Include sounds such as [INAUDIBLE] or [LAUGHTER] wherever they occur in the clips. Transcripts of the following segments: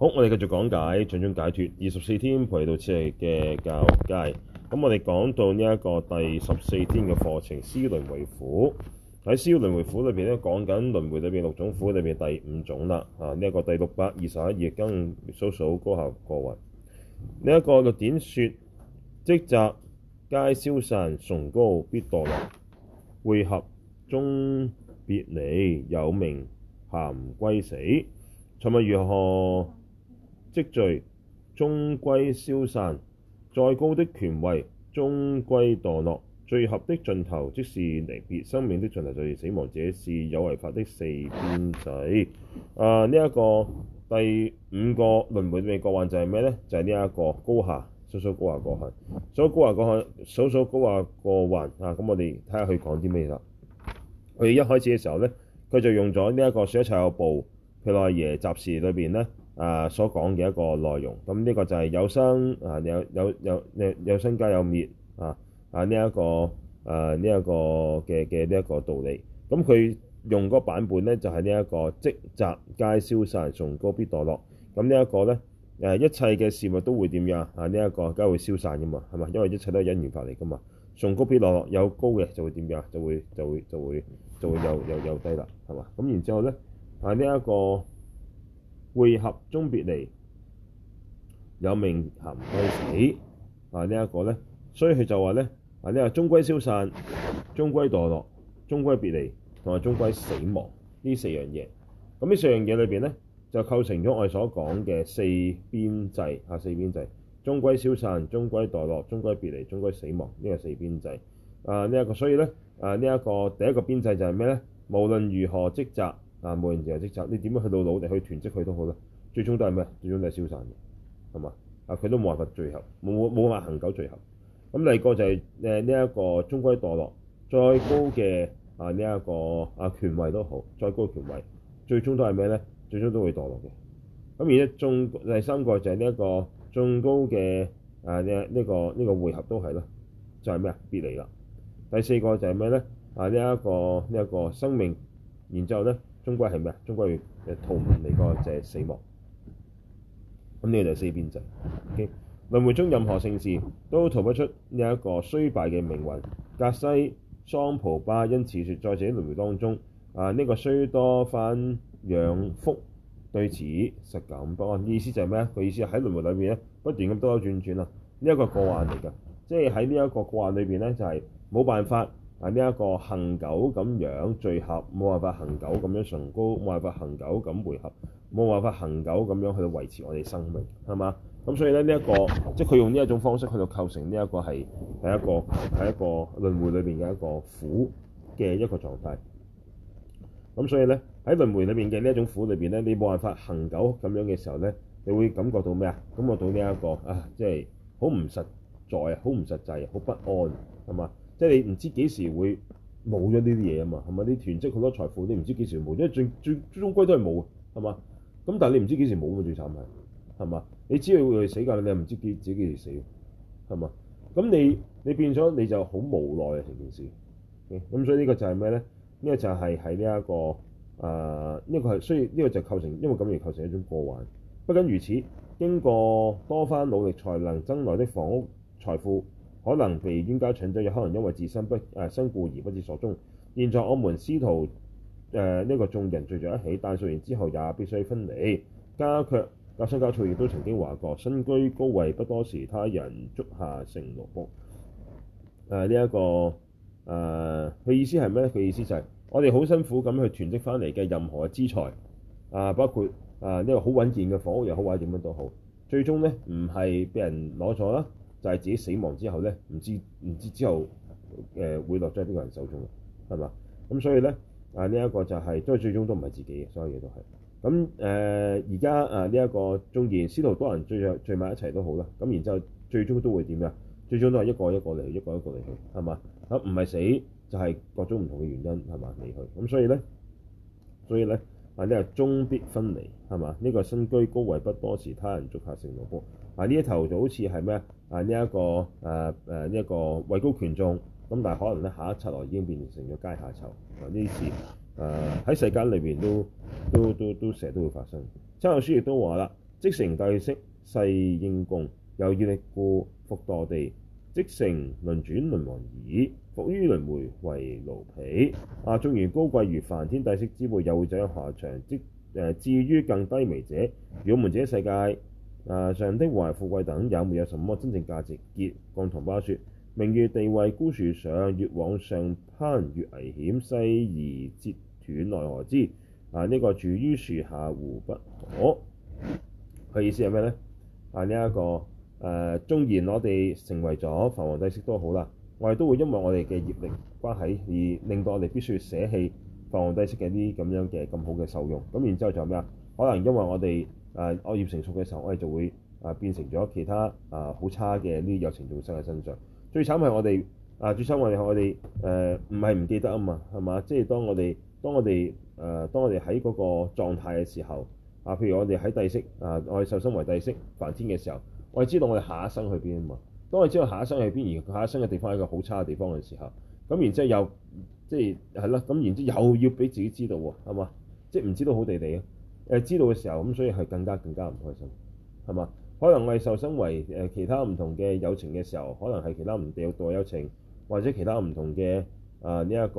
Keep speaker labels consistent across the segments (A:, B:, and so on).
A: 好，我哋繼續講解掌中解脱二十四天菩提道次第嘅教授。咁我哋講到呢一個第十四天嘅課程，思輪迴苦。喺思輪迴苦裏邊咧，講緊輪迴裏邊六種苦裏邊第五種啦。啊，呢一個第六百二十一頁，庚數數高下過患。呢一個六點說，積集皆銷散，崇高必墮落，會合終別離，有命咸歸死，尋問如何？積聚終歸消散，再高的權位終歸墮落，聚合的盡頭即是離別，生命的盡頭就是死亡。這是有為法的四邊際。啊、呃，呢、這、一個第五個輪迴的過患就係咩呢？就係呢一個高下，數數高下過患，數高下過患，數數高下過患啊！咁我哋睇下佢講啲咩啦？佢一開始嘅時候呢，佢就用咗呢一個《說一切有部》佢毗奈耶雜事裏邊呢。啊，所講嘅一個內容，咁呢個就係有生，有有有有生有啊，有有有呢有生皆有滅啊啊呢一、啊這個啊呢一、這個嘅嘅呢一個道理，咁佢用嗰個版本咧就係呢、這個這個、一個積集皆銷散，崇高必墮落。咁呢一個咧誒，一切嘅事物都會點樣啊？呢、這、一個梗係會消散噶嘛，係嘛？因為一切都係因緣法嚟噶嘛，崇高必墮落，落，有高嘅就會點樣？就會就會就會就會有有有低啦，係嘛？咁然之後咧啊呢一、這個。這個會合終別離，有命鹹歸死。啊，這個、呢一個咧，所以佢就話咧，啊呢個終歸消散、終歸墮落、終歸別離同埋終歸死亡呢四樣嘢。咁呢四樣嘢裏邊咧，就構成咗我哋所講嘅四邊際。啊。四邊際：終歸消散、終歸墮落、終歸別離、終歸死亡，呢、這個四邊際。啊，呢、這、一個，所以咧，啊呢一、這個第一個邊際就係咩咧？無論如何積集。啊！冇人自由積集，你點樣去到努力去囤積佢都好啦。最終都係咩？最終都係消散嘅，係嘛？啊！佢都冇辦法聚合，冇冇冇話恆久聚合。咁、啊、第二個就係誒呢一個終歸墮落，再高嘅、呃這個、啊呢一個啊權位都好，再高嘅、呃、權，權位，最終都係咩咧？最終都會墮落嘅。咁而家仲第三個就係呢一個最高嘅啊呢呢、呃這個呢、這個匯、這個這個這個、合都係啦，就係咩啊別離啦。第四個就係咩咧？啊呢一個呢一個生命，然之後咧。終歸係咩啊？終歸係逃唔嚟個就係死亡。咁呢個就係四邊際。輪、okay? 回中任何盛事都逃不出呢一個衰敗嘅命運。格西桑浦巴因此説，在自己輪迴當中啊，呢、這個須多番仰覆對此實感不安。意思就係咩啊？佢意思係喺輪迴裏邊咧，不斷咁兜兜轉轉啊！呢、這、一個過患嚟㗎，即係喺呢一個過患裏邊咧，就係、是、冇辦法。係呢一個恆久咁樣聚合，冇辦法恆久咁樣崇高，冇辦法恆久咁會合，冇辦法恆久咁樣去到維持我哋生命，係嘛？咁所以咧，呢一、這個，即係佢用呢一種方式去到構成呢、這個、一個係係一個係一個輪迴裏邊嘅一個苦嘅一個狀態。咁所以咧喺輪迴裏邊嘅呢一種苦裏邊咧，你冇辦法恆久咁樣嘅時候咧，你會感覺到咩啊？感覺到呢、這、一個啊，即係好唔實在，好唔實際，好不安，係嘛？即係你唔知幾時會冇咗呢啲嘢啊嘛，係咪？啲囤積好多財富，你唔知幾時冇，即係最最最終歸都係冇啊，係嘛？咁但係你唔知幾時冇嘅最慘係，係嘛？你知道會死㗎，你又唔知幾自己幾時死，係嘛？咁你你變咗你就好無奈啊，成件事。咁、okay? 所以呢個就係咩咧？呢、呢個就係喺呢一個啊，呢個係所以呢個就構成，因為咁而構成一種過患。不僅如此，經過多番努力才能掙來的房屋、財富。可能被冤家搶走，有可能因為自身不誒、啊、身故而不知所終。現在我們師徒誒呢、呃這個眾人聚在一起，但聚完之後也必須分離。嘉卻格桑嘉措亦都曾經話過：身居高位不多時，他人足下成奴僕。誒呢一個誒，佢、呃、意思係咩咧？佢意思就係我哋好辛苦咁去囤積翻嚟嘅任何資財，啊、呃，包括啊呢、呃這個好穩健嘅房屋又好或者點樣都好，最終咧唔係俾人攞咗啦。就係自己死亡之後咧，唔知唔知之後誒、呃、會落咗喺邊個人手中，係嘛？咁所以咧啊，呢、這、一個就係都係最終都唔係自己嘅，所有嘢都係咁誒。而家、呃、啊，呢、這、一個中言師徒多人聚聚埋一齊都好啦，咁然之後最終都會點啊？最終都係一個一個嚟，一個一個嚟去，係嘛？咁唔係死就係、是、各種唔同嘅原因，係嘛？離去咁，所以咧，所以咧，話你係終必分離，係嘛？呢、這個身居高位不多時，他人足下成奴僕。啊，呢一頭就好似係咩？啊！呢一個誒誒呢一個位高權重，咁但係可能咧下一輯內已經變成咗階下囚。呢次事喺世間裏面都都都都成日都會發生。《親友書》亦都話啦：即成帝釋，世應供，由業力故，復墮地，即成輪轉輪王已，復於輪迴為奴婢。啊，縱然高貴如梵天帝釋之輩，又會走入下場。即誒至於更低微者，我們、啊、這、啊啊、世界。ts 啊！上的榮華富貴等有沒有，有什麼真正價值。傑‧貢唐巴說：名譽地位枯樹上，越往上攀越危險，細而折斷，奈何之？啊！呢、這個住於樹下，胡不可。佢意思係咩呢？啊！呢、這、一個誒，縱、啊、然我哋成為咗梵王帝釋都好啦，我哋都會因為我哋嘅業力關係而令到我哋必須要捨棄梵王帝釋嘅啲咁樣嘅咁好嘅受用。咁然之後就咩啊？可能因為我哋。誒我、啊、業成熟嘅時候，我哋就會誒、啊、變成咗其他誒好、啊、差嘅呢啲有情眾生嘅身上。最慘係我哋誒、啊，最慘係我哋誒，唔係唔記得啊嘛，係嘛？即係當我哋當我哋誒，當我哋喺嗰個狀態嘅時候，啊，譬如我哋喺帝釋，誒、啊，我哋受生為帝釋，梵天嘅時候，我哋知道我哋下一生去邊啊嘛。當我哋知道下一生去邊，而下一生嘅地方係一個好差嘅地方嘅時候，咁然之後又即係係啦，咁然之後又要俾自己知道喎，係嘛？即係唔知道好地地啊！誒知道嘅時候，咁所以係更加更加唔開心，係嘛？可能我哋受身為誒其他唔同嘅友情嘅時候，可能係其他唔地獄道友情，或者其他唔同嘅、呃這個、啊呢一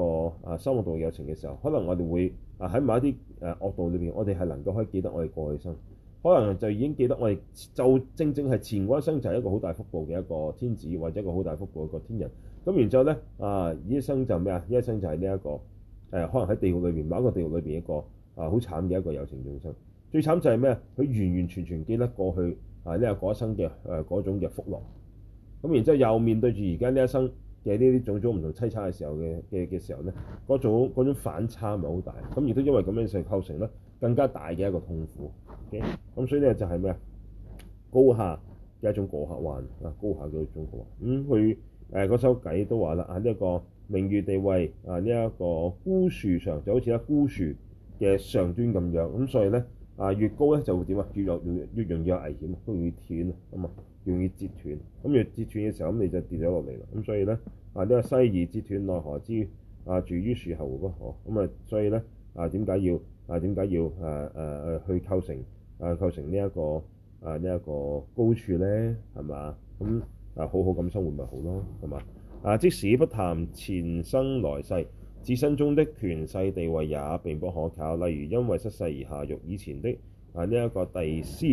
A: 個啊修惡道友情嘅時候，可能我哋會啊喺某一啲誒惡道裏邊，我哋係能夠可以記得我哋過去生，可能就已經記得我哋就正正係前嗰一生就係一個好大福報嘅一個天子，或者一個好大福報一個天人。咁然之後咧啊一，一生就咩啊、這個？一生就係呢一個誒，可能喺地獄裏邊某一個地獄裏邊一個。啊！好慘嘅一個有情眾生，最慘就係咩？佢完完全全記得過去啊呢個過一生嘅誒嗰種嘅福樂，咁然之後又面對住而家呢一生嘅呢啲種種唔同悽慘嘅時候嘅嘅嘅時候咧，嗰種，種反差咪好大。咁亦都因為咁樣成構成咧更加大嘅一個痛苦咁、okay? 所以咧就係、是、咩啊？高下嘅一種過客患、嗯、啊，高下嘅一種過患。佢誒嗰首偈都話啦啊，呢、這、一個名譽地位啊，呢、這、一個枯樹上就好似咧枯樹。嘅上端咁樣，咁所以咧啊，越高咧就會點啊？越容越越容易有危險，容易斷啊嘛，容易折斷。咁越折斷嘅時候，咁你就跌咗落嚟啦。咁所以咧啊，呢個細而折斷奈何之啊？住於樹下胡不可？咁啊，所以咧啊，點解要啊？點解要誒誒去構成啊構成呢、這、一個啊呢一、這個高處咧？係嘛？咁啊，好好咁生活咪好咯，係嘛？啊，即使不談前生來世。自身中的權勢地位也並不可靠，例如因為失勢而下獄。以前的啊呢一、這個第司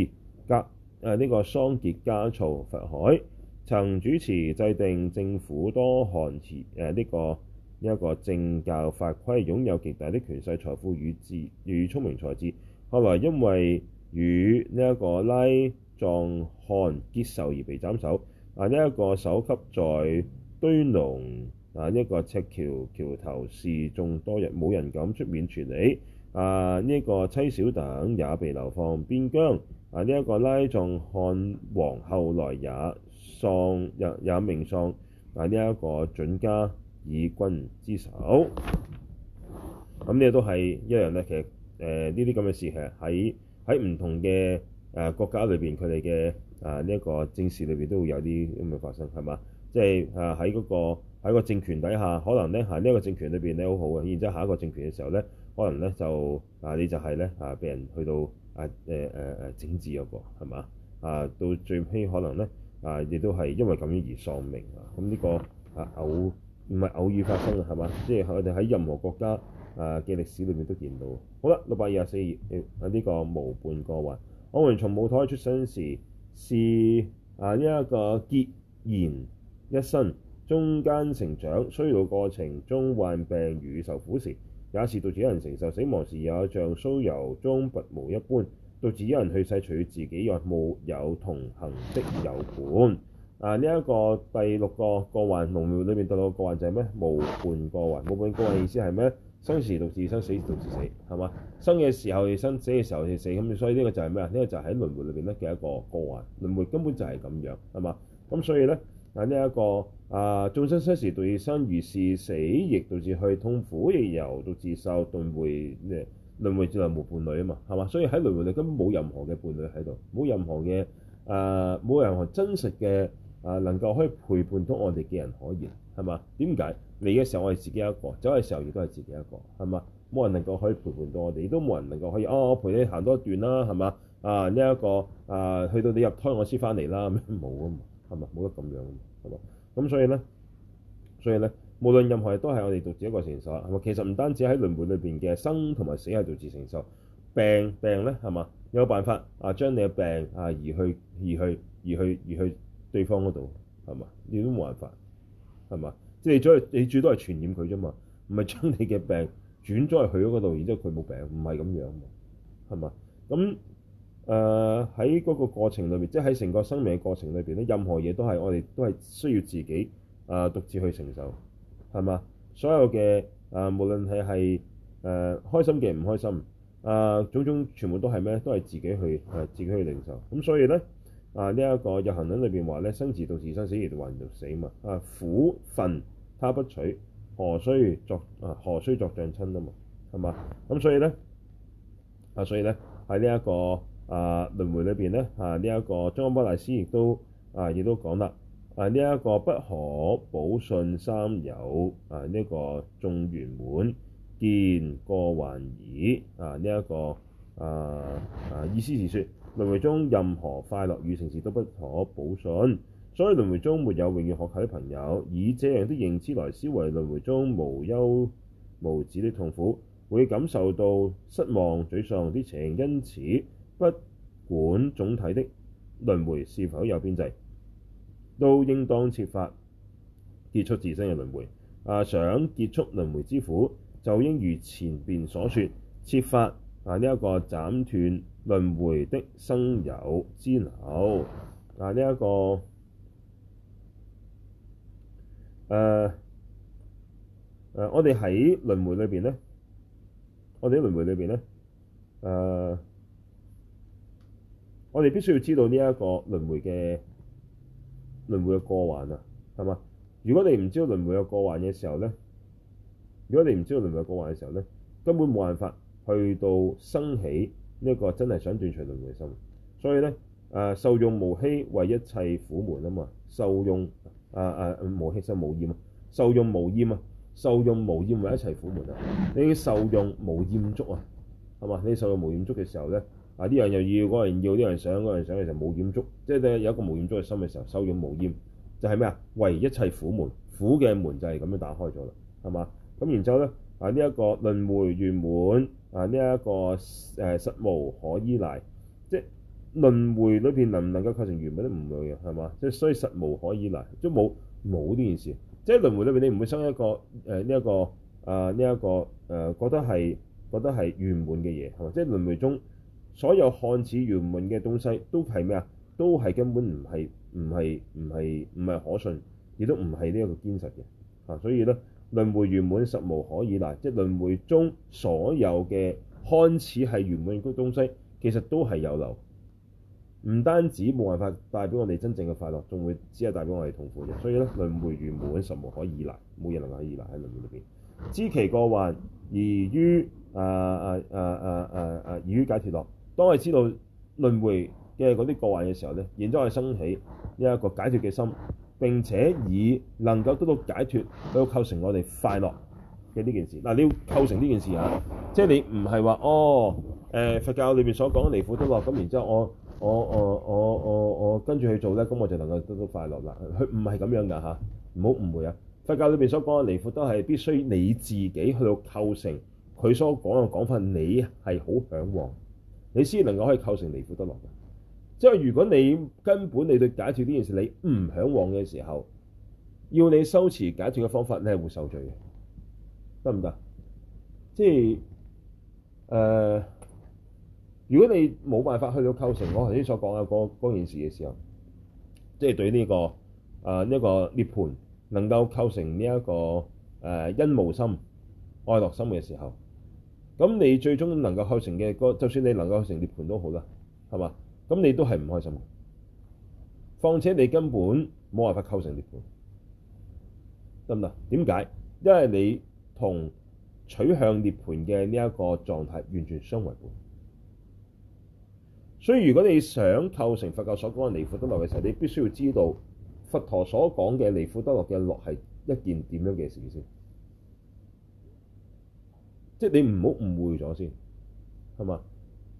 A: 格啊呢、這個桑結嘉措佛海，曾主持制定政府多項前誒呢個呢一、這個政教法規，擁有極大的權勢、財富與智與聰明才智。後、啊、來因為與呢一個拉藏汗結仇而被斬首，啊呢一、這個首級在堆隆。啊！一、呢個赤橋橋頭示眾多日，冇人敢出面處理。啊！呢、這、一個妻小等也被流放邊疆。啊！呢、這、一個拉藏汗王後來也喪日也，也命喪。啊！呢、這、一個準噶爾軍之手。咁、啊、呢都係一樣咧。其實誒呢啲咁嘅事其實喺喺唔同嘅誒、呃、國家裏邊，佢哋嘅啊呢一個政事裏邊都會有啲咁嘅發生，係嘛？即係啊喺嗰、那個。喺個政權底下，可能咧喺呢、啊這個政權裏邊咧好好嘅，然之後下一個政權嘅時候咧，可能咧就啊你就係咧啊被人去到啊誒誒誒整治一個係嘛啊到最尾可能咧啊亦都係因為咁而喪命啊！咁、這、呢個啊偶唔係偶爾發生係嘛？即係、就是、我哋喺任何國家啊嘅歷史裏面都見到。好啦，六百二十四頁喺呢個無伴過患，我、啊、從母胎出生時是啊一、這個孑然一身。中間成長、衰老過程中患病與受苦時，也是獨自一人承受；死亡時也像酥油中拔毛一般，獨自一人去世。除自己，又冇有同行的友伴。啊，呢、這、一個第六個過患，輪迴裏面第六個過患就係咩？無伴過患，冇伴過患意思係咩？生時獨自生，死時獨自死，係嘛？生嘅時候係生，死嘅時候係死，咁所，、這個、所以呢個就係咩？呢個就係喺輪迴裏邊咧嘅一個過患。輪迴根本就係咁樣，係嘛？咁所以咧。但呢、這、一個啊，眾、呃、生生時獨自生，如是死，亦獨自去痛苦，亦由獨自受輪迴，咩輪迴只能無伴侶啊嘛，係嘛？所以喺輪迴裏根本冇任何嘅伴侶喺度，冇任何嘅啊，冇、呃、任何真實嘅啊、呃，能夠可以陪伴到我哋嘅人，人可言，係嘛？點解嚟嘅時候我係自己一個，走嘅時候亦都係自己一個，係嘛？冇人，人能夠可以陪伴到我哋，亦都冇人能夠可以啊，我陪你行多一段啦、啊，係嘛？啊，呢、這、一個啊、呃，去到你入胎我先翻嚟啦，咁冇啊嘛。係咪？冇得咁樣，係嘛？咁所以咧，所以咧，無論任何嘢都係我哋獨自一個承受。係嘛？其實唔單止喺輪迴裏邊嘅生同埋死係獨自承受。病病咧，係嘛？有，有辦法啊？將你嘅病啊，移去移去移去移去，去，去，去，去，去對方嗰度，係嘛？你都冇辦法，係嘛？即係你再你最多係傳染佢啫嘛，唔係將你嘅病轉咗去佢嗰度，然之後佢冇病，唔係咁樣，係嘛？咁。誒，喺嗰個過程裏邊，即係喺成個生命嘅過程裏邊咧，任何嘢都係我哋都係需要自己誒、啊、獨自去承受，係嘛？所有嘅誒、啊、無論係係誒開心嘅唔開心，誒、啊、種種全部都係咩都係自己去誒、啊、自己去領、啊、受。咁所以咧啊呢一、這個《入行論》裏邊話咧，生時獨自生，死時還獨死啊嘛。啊苦分他不取，何須作啊？何須作障親啊嘛？係嘛？咁所以咧啊，所以咧喺呢一、這個。呃、裡啊！輪迴裏邊咧，啊呢一個宗喀巴大師亦都啊，亦都講啦。啊呢一個不可保信三有啊，呢、這個眾圓滿見過患已啊呢一個啊啊意思係說，輪迴中任何快樂與盛事都不可保信，所以輪迴中沒有永遠學友的朋友，以這樣的認知來思惟，輪迴中無休無止的痛苦，會感受到失望、沮喪啲情，因此，不管總體的輪迴是否有邊際，都應當設法結束自身嘅輪迴。啊、呃，想結束輪迴之苦，就應如前邊所說，設法啊呢一個斬斷輪迴的生有之流。啊、呃，呢、這、一個誒誒、呃呃，我哋喺輪迴裏邊咧，我哋喺輪迴裏邊咧，誒、呃。我哋必須要知道呢一個輪迴嘅輪迴嘅過患啊，係嘛？如果你唔知道輪迴嘅過患嘅時候咧，如果你唔知道輪迴嘅過患嘅時候咧，根本冇辦法去到生起呢一個真係想斷除輪迴嘅心。所以咧，誒受用無欺為一切苦門啊嘛，受用啊啊無欺身無厭啊，受用無厭啊，受用無厭為一切苦門啊。你受用無厭足啊，係嘛？你受用無厭足嘅時候咧。啊！啲人又要嗰個人要啲人想嗰人想嘅就冇滿足，即係有一個冇滿足嘅心嘅時候，受用無厭，就係咩啊？為一切苦門苦嘅門就係咁樣打開咗啦，係嘛？咁然之後咧啊，呢、這、一個輪迴圓滿啊，呢、這、一個誒、呃、實無可依賴，即係輪迴裏邊能唔能夠構成圓滿都唔會嘅，係嘛？即係所以實無可依賴，即係冇冇呢件事。即係輪迴裏邊你唔會生一個誒呢一個啊呢一個誒、呃呃、覺得係覺得係圓滿嘅嘢，係嘛？即係輪迴中。所有看似圓滿嘅東西都係咩啊？都係根本唔係唔係唔係唔係可信，亦都唔係呢一個堅實嘅。啊，所以咧，輪迴圓滿實無可以賴，即係輪迴中所有嘅看似係圓滿嘅嗰啲東西，其實都係有漏。唔單止冇辦法帶畀我哋真正嘅快樂，仲會只係帶畀我哋痛苦嘅。所以咧，輪迴圓滿實無可以賴，冇嘢能可以賴喺輪迴裏邊。知其過患，而於誒誒誒誒誒誒而於解脫樂。」當我知道輪迴嘅嗰啲過患嘅時候咧，然之後我哋生起一個解脫嘅心，並且以能夠得到解脫去構成我哋快樂嘅呢件事嗱、啊。你要構成呢件事啊，即係你唔係話哦誒佛教裏邊所講嘅離苦得樂咁，然之後我我我我我我跟住去做咧，咁我就能夠得到快樂啦。佢唔係咁樣㗎嚇，唔好誤會啊！佛教裏邊所講嘅離苦都係必須你自己去到構成佢所講嘅講法，你係好嚮往。你先能夠可以構成離苦得樂嘅。即、就、係、是、如果你根本你對解脫呢件事你唔嚮往嘅時候，要你修持解脫嘅方法，你係會受罪嘅，得唔得？即係誒，如果你冇辦法去到構成我頭先所講嘅嗰件事嘅時候，即、就、係、是、對呢、這個啊呢、呃這個涅槃能夠構成呢、這、一個誒、呃、因無心愛樂心嘅時候。咁你最終能夠構成嘅個，就算你能夠構成涅槃都好啦，係嘛？咁你都係唔開心嘅。況且你根本冇辦法構成涅槃，得唔得？點解？因為你同取向涅槃嘅呢一個狀態完全相違背。所以如果你想構成佛教所講嘅離苦得樂嘅時候，你必須要知道佛陀所講嘅離苦得樂嘅樂係一件點樣嘅事先。即係你唔好誤會咗先，係嘛？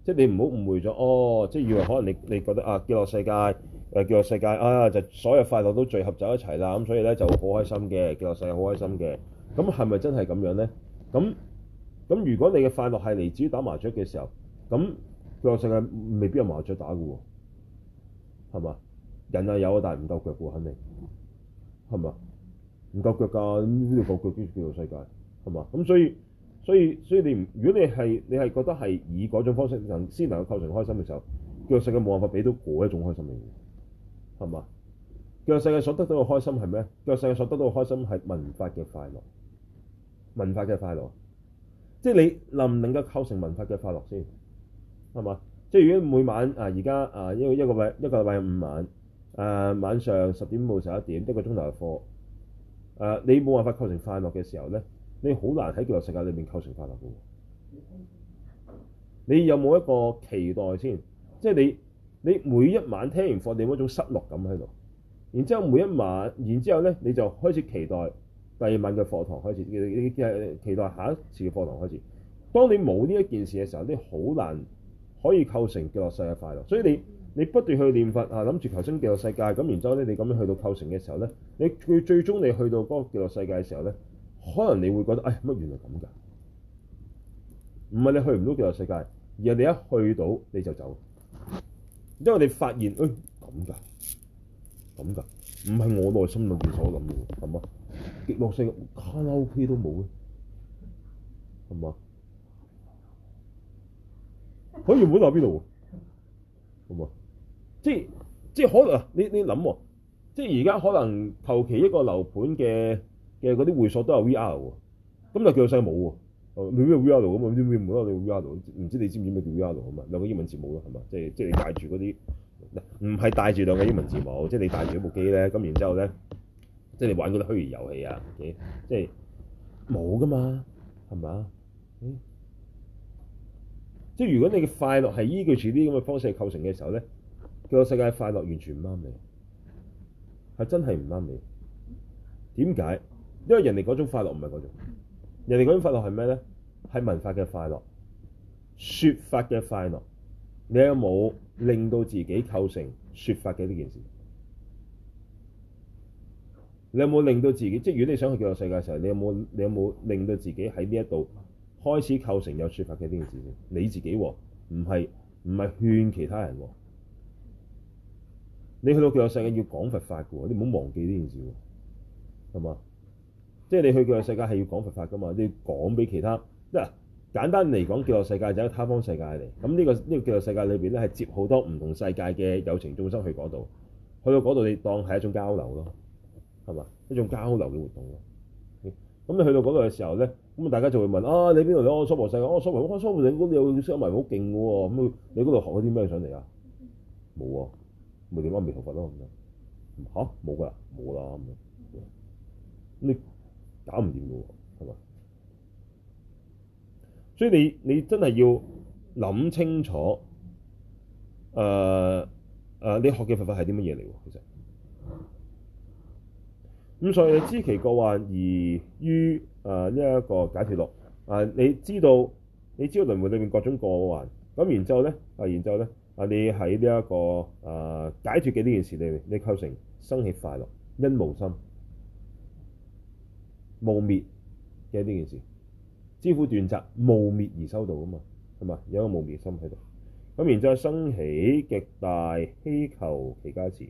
A: 即係你唔好誤會咗，哦！即係以為可能你你覺得啊，極樂世界，誒，極樂世界，啊，就所有快樂都聚合走一齊啦，咁所以咧就好開心嘅，極樂世界好開心嘅。咁係咪真係咁樣咧？咁咁如果你嘅快樂係嚟自於打麻雀嘅時候，咁極樂世界未必有麻雀打嘅喎，係嘛？人啊有啊，但係唔夠腳嘅喎，肯定係嘛？唔夠腳㗎，呢度夠腳？邊個極樂世界？係嘛？咁所以。所以所以你唔，如果你係你係覺得係以嗰種方式能先能夠構成開心嘅時候，腳世界冇辦法俾到嗰一種開心嘅嘢，係嘛？腳世界所得到嘅開心係咩？腳世界所得到嘅開心係文化嘅快樂，文化嘅快樂，即係你能唔能夠構成文化嘅快樂先，係嘛？即係如果每晚啊而家啊一個一個禮一個禮拜五晚誒、啊、晚上十點到十一點一個鐘頭嘅課誒、啊，你冇辦法構,構成快樂嘅時候咧？你好難喺極樂世界裏面構成快樂嘅喎，你有冇一個期待先？即係你你每一晚聽完課，你有冇一種失落感喺度？然之後每一晚，然之後咧你就開始期待第二晚嘅課堂開始，你你，你期待下一次嘅課堂開始。當你冇呢一件事嘅時候，你好難可以構成極樂世界快樂。所以你你不斷去念佛啊，諗住求生極樂世界咁，然之後咧你咁樣去到構成嘅時候咧，你最最終你去到嗰個極樂世界嘅時候咧。可能你會覺得，哎，乜原來咁噶？唔係你去唔到極樂世界，而係你一去到你就走，因為你發現，哎，咁噶，咁噶，唔係我內心裏面所諗嘅喎，係嘛？極樂性卡拉 OK 都冇咧，係嘛？佢、哎、原本喺邊度喎？係嘛？即即可能你你諗、啊，即而家可能求其一個樓盤嘅。誒嗰啲會所都係 V R 喎，咁就叫做世冇喎。哦，咩咩 V R 度咁啊？咩咩唔得你 V R 唔知你知唔知咩叫 V R 度？咁啊，兩個英文字母咯，係嘛？即係即係你帶住嗰啲唔係帶住兩個英文字母，即係你帶住一部機咧。咁然之後咧，即係你玩嗰啲虛擬遊戲啊，即係冇噶嘛，係嘛、嗯？即係如果你嘅快樂係依據住啲咁嘅方式嚟構成嘅時候咧，叫做個世界快樂完全唔啱你，係真係唔啱你。點解？因為人哋嗰種快樂唔係嗰種，人哋嗰種快樂係咩咧？係文化嘅快樂，説法嘅快樂。你有冇令到自己構成説法嘅呢件事？你有冇令到自己？即係如果你想去極樂世界嘅時候，你有冇你有冇令到自己喺呢一度開始構成有説法嘅呢件事？你自己喎、哦，唔係唔係勸其他人喎、哦。你去到極樂世界要講佛法嘅喎，你唔好忘記呢件事喎，係嘛？即係你去教學世界係要講佛法噶嘛？你要講俾其他嗱，簡單嚟講，教學世界就係他方世界嚟。咁呢、呢個呢個教學世界裏邊咧係接好多唔同世界嘅有情眾生去嗰度，去到嗰度你當係一種交流咯，係嘛？一種交流嘅活動咯。咁你去到嗰度嘅時候咧，咁啊大家就會問啊：你邊度嚟？我娑婆世界，我娑婆，我娑婆淨觀，你又識埋好勁嘅喎。咁你嗰度學咗啲咩上嚟啊？冇啊，咪點啊，未頭髮咯咁樣。嚇，冇㗎，冇啦咁樣。你？搞唔掂嘅喎，係嘛？所以你你真係要諗清楚，誒、呃、誒、呃，你學嘅佛法係啲乜嘢嚟喎？其實，咁所以你知其過患而於誒呢一個解脫落，啊、呃，你知道你知道輪迴裏面各種過患，咁然之後咧，啊然之後咧，啊你喺呢一個誒、呃、解脫嘅呢件事裏面，你構成生起快樂因無心，證滅嘅呢件事，知苦斷集證滅而修道啊嘛，係嘛，有一個證滅心喺度。咁然之後生起極大希求其加持，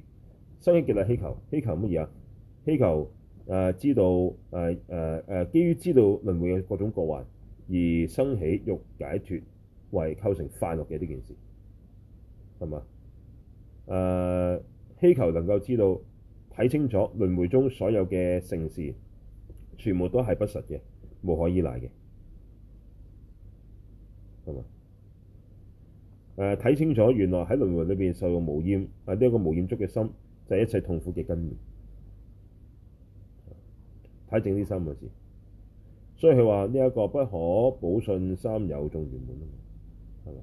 A: 生起極大希求。希求乜嘢啊？希求誒、呃、知道誒誒誒，基於知道輪迴嘅各種過患而生起欲解脫，為構成快樂嘅呢件事係嘛誒？希、呃、求能夠知道睇清楚輪迴中所有嘅盛事，全部都係不實嘅，無可依賴嘅，係嘛？誒、呃，睇清楚，原來喺輪迴裏邊受用無厭，係呢一個無厭足嘅心，就係、是、一切痛苦嘅根源。睇正呢三個字，所以佢話呢一個不可保信三有眾圓滿啊，係嘛？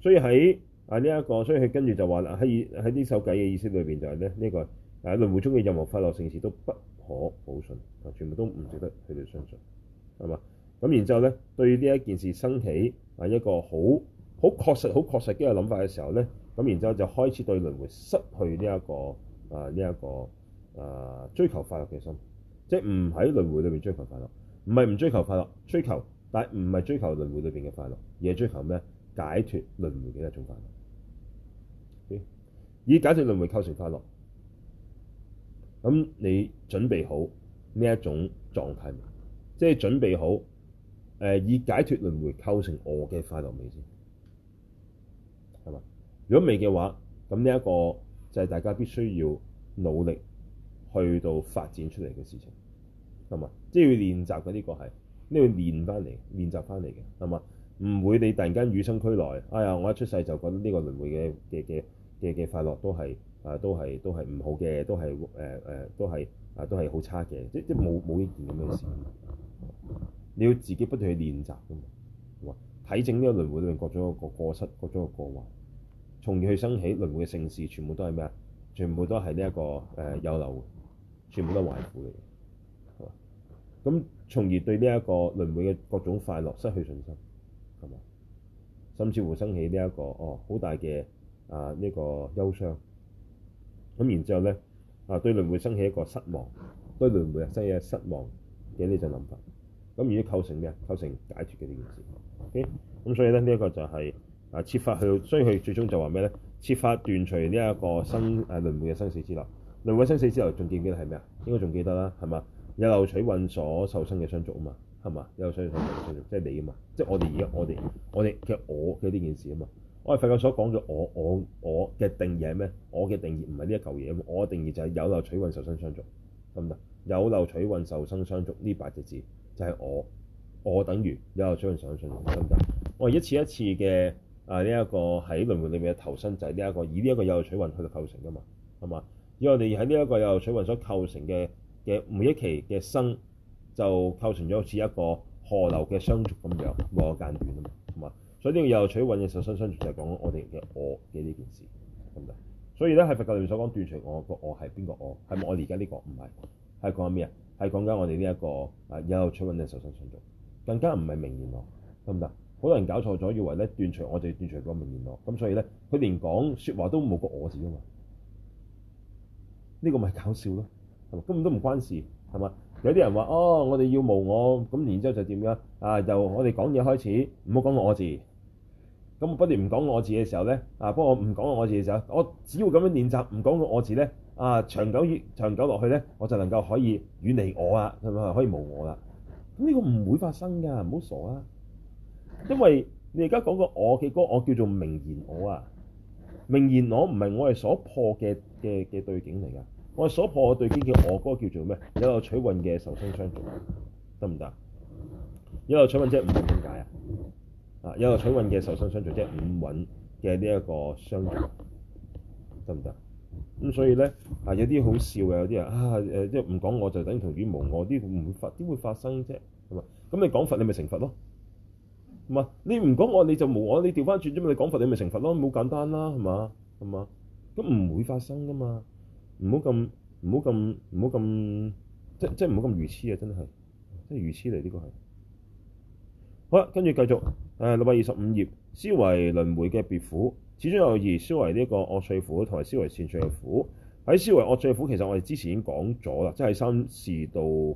A: 所以喺啊呢一個，所以佢跟住就話啦，喺喺呢首偈嘅意思裏邊就係咧呢個。喺輪迴中嘅任何快樂盛事都不可保信啊！全部都唔值得佢哋相信係嘛？咁然之後咧，對呢一件事生起啊一個好好確實、好確實嘅諗法嘅時候咧，咁然之後就開始對輪迴失去呢一個啊呢一個啊追求快樂嘅心，即係唔喺輪迴裏邊追求快樂，唔係唔追求快樂，追求但係唔係追求輪迴裏邊嘅快樂，而係追求咩？解脫輪迴嘅一種快樂？Okay? 以解脫輪迴構成快樂。咁你準備好呢一種狀態未？即係準備好，誒、呃，以解脫輪迴構成我嘅快樂味先，係嘛？如果未嘅話，咁呢一個就係大家必須要努力去到發展出嚟嘅事情，係嘛？即係要練習嘅呢個係，你要練翻嚟，練習翻嚟嘅，係嘛？唔會你突然間與生俱來，哎呀，我一出世就覺得呢個輪迴嘅嘅嘅嘅嘅快樂都係。啊，都係都係唔好嘅，都係誒誒，都係啊，都係好、啊、差嘅，即即冇冇一件咁嘅事。你要自己不斷去練習㗎嘛，係嘛？體證呢個輪迴裏面各種一個過失、各種一個過患，從而去生起輪迴嘅盛事全，全部都係咩啊？全部都係呢一個誒有漏，全部都係壞苦嚟嘅，係嘛？咁從而對呢一個輪迴嘅各種快樂失去信心，係嘛？甚至乎生起呢、這、一個哦好大嘅啊呢、這個憂傷。咁然之後咧，啊對輪迴生起一個失望，對輪迴生起失望嘅呢種諗法，咁而家構成咩啊？構成解脫嘅呢件事。OK，咁所以咧呢一、這個就係、是、啊設法去，到，所以佢最終就話咩咧，設法斷除呢一個生誒輪迴嘅生死之流。輪迴生死之流仲記唔記得係咩啊？應該仲記得啦，係嘛？有漏取運所受生嘅相續啊嘛，係嘛？有漏取所受嘅相續，即係你啊嘛，即係我哋而家我哋我哋嘅我嘅呢件事啊嘛。我係佛教所講咗，我我我嘅定義係咩？我嘅定義唔係呢一嚿嘢，我嘅定義就係有漏取運受生相續，得唔得？有漏取運受生相續呢八隻字就係我，我等於有漏取運受生相續，得唔得？我係一次一次嘅啊呢一個喺輪迴裏面嘅投生仔，就係呢一個以呢一個有漏取運去到構成㗎嘛，係嘛？因為我哋喺呢一個有漏取運所構成嘅嘅每一期嘅生，就構成咗好似一個河流嘅相續咁樣，冇間斷啊嘛，係嘛？所以呢個有取蘊嘅受身相續就係講我哋嘅我嘅呢件事，得唔得？所以咧喺佛教裡面所講斷除我個我係邊個我？係咪我而家呢個？唔係，係講咩啊？係講緊我哋呢一個啊，有取蘊嘅受身相續，更加唔係名言我，得唔得？好多人搞錯咗，以為咧斷除我就要斷除個名言我，咁所以咧佢連講説話都冇個我字啊嘛，呢個咪搞笑咯，係嘛？根本都唔關事，係嘛？有啲人話哦，我哋要無我，咁然之後就點樣啊？由我哋講嘢開始，唔好講我字。咁不如唔講我字嘅時候咧，啊！不過我唔講我字嘅時候，我只要咁樣練習，唔講我字咧，啊！長久以長久落去咧，我就能夠可以遠離我啊，係咪可以無我啦。咁呢個唔會發生噶，唔好傻啊！因為你而家講個我嘅歌，我叫做名言我啊，名言我唔係我，係所破嘅嘅嘅對境嚟噶，我係所破嘅對境叫我歌，叫做咩？有漏取運嘅受生相魚，得唔得？有漏取運即係唔明點解啊！啊，有個取蘊嘅受身相續，即係五蘊嘅呢一個相續，得唔得？咁、嗯、所以咧，啊有啲好笑嘅，有啲人啊誒，即係唔講我，就等於同點無我啲，會唔會發？點會發生啫？係嘛？咁你講佛，你咪成佛咯？唔係你唔講我，你就無我，你調翻轉啫嘛？你講佛，你咪成佛咯，冇簡單啦，啊，係嘛？係嘛？咁唔會發生噶嘛？唔好咁，唔好咁，唔好咁，即即係唔好咁愚痴啊！真係，即係愚痴嚟呢個係。好啦，跟住繼續。誒六百二十五頁，思惟輪迴嘅別苦，始終有二思惟呢個惡趣苦，同埋思惟善趣苦。喺思惟惡趣苦，其實我哋之前已經講咗啦，即係下士道誒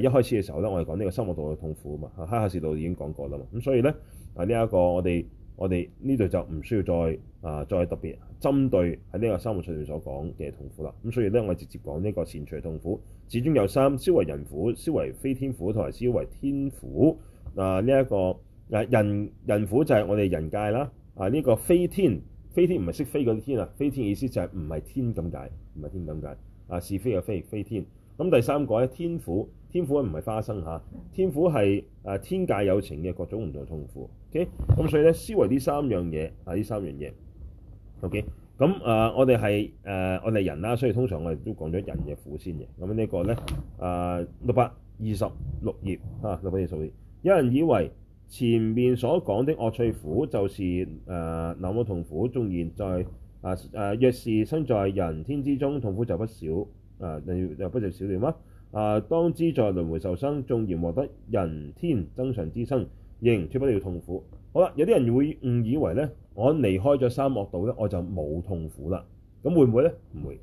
A: 一開始嘅時候咧，我哋講呢個三惡道嘅痛苦啊嘛，哈下士道已經講過啦嘛，咁所以咧啊呢一、這個我哋我哋呢度就唔需要再啊再特別針對喺呢個三惡道上面所講嘅痛苦啦。咁所以咧我哋直接講呢個善趣痛苦，始終有三思惟人苦，思惟非天苦，同埋思惟天苦。嗱呢一個。誒人人苦就係我哋人界啦。啊，呢、這個非天非天唔係識飛嗰啲天啊，非天意思就係唔係天咁解，唔係天咁解啊。是非就非，非天。咁、嗯、第三個咧天苦天苦咧唔係花生嚇、啊，天苦係誒天界有情嘅各種唔同痛苦。O K，咁所以咧思維呢三樣嘢啊，呢三樣嘢 O K。咁、okay? 誒、嗯呃，我哋係誒我哋人啦，所以通常我哋都講咗人嘅苦先嘅。咁、嗯這個、呢個咧誒六百二十六頁啊，六百二十六頁，有、啊、人以為。前面所講的惡趣苦就是誒那麼痛苦，縱然在誒誒、呃，若是生在人天之中，痛苦就不少，誒、呃，就不就少點啦。誒、呃，當知在輪迴受生，縱然獲得人天增上之身，仍脱不了痛苦。好啦，有啲人會誤以為咧，我離開咗三惡道咧，我就冇痛苦啦。咁會唔會咧？唔會，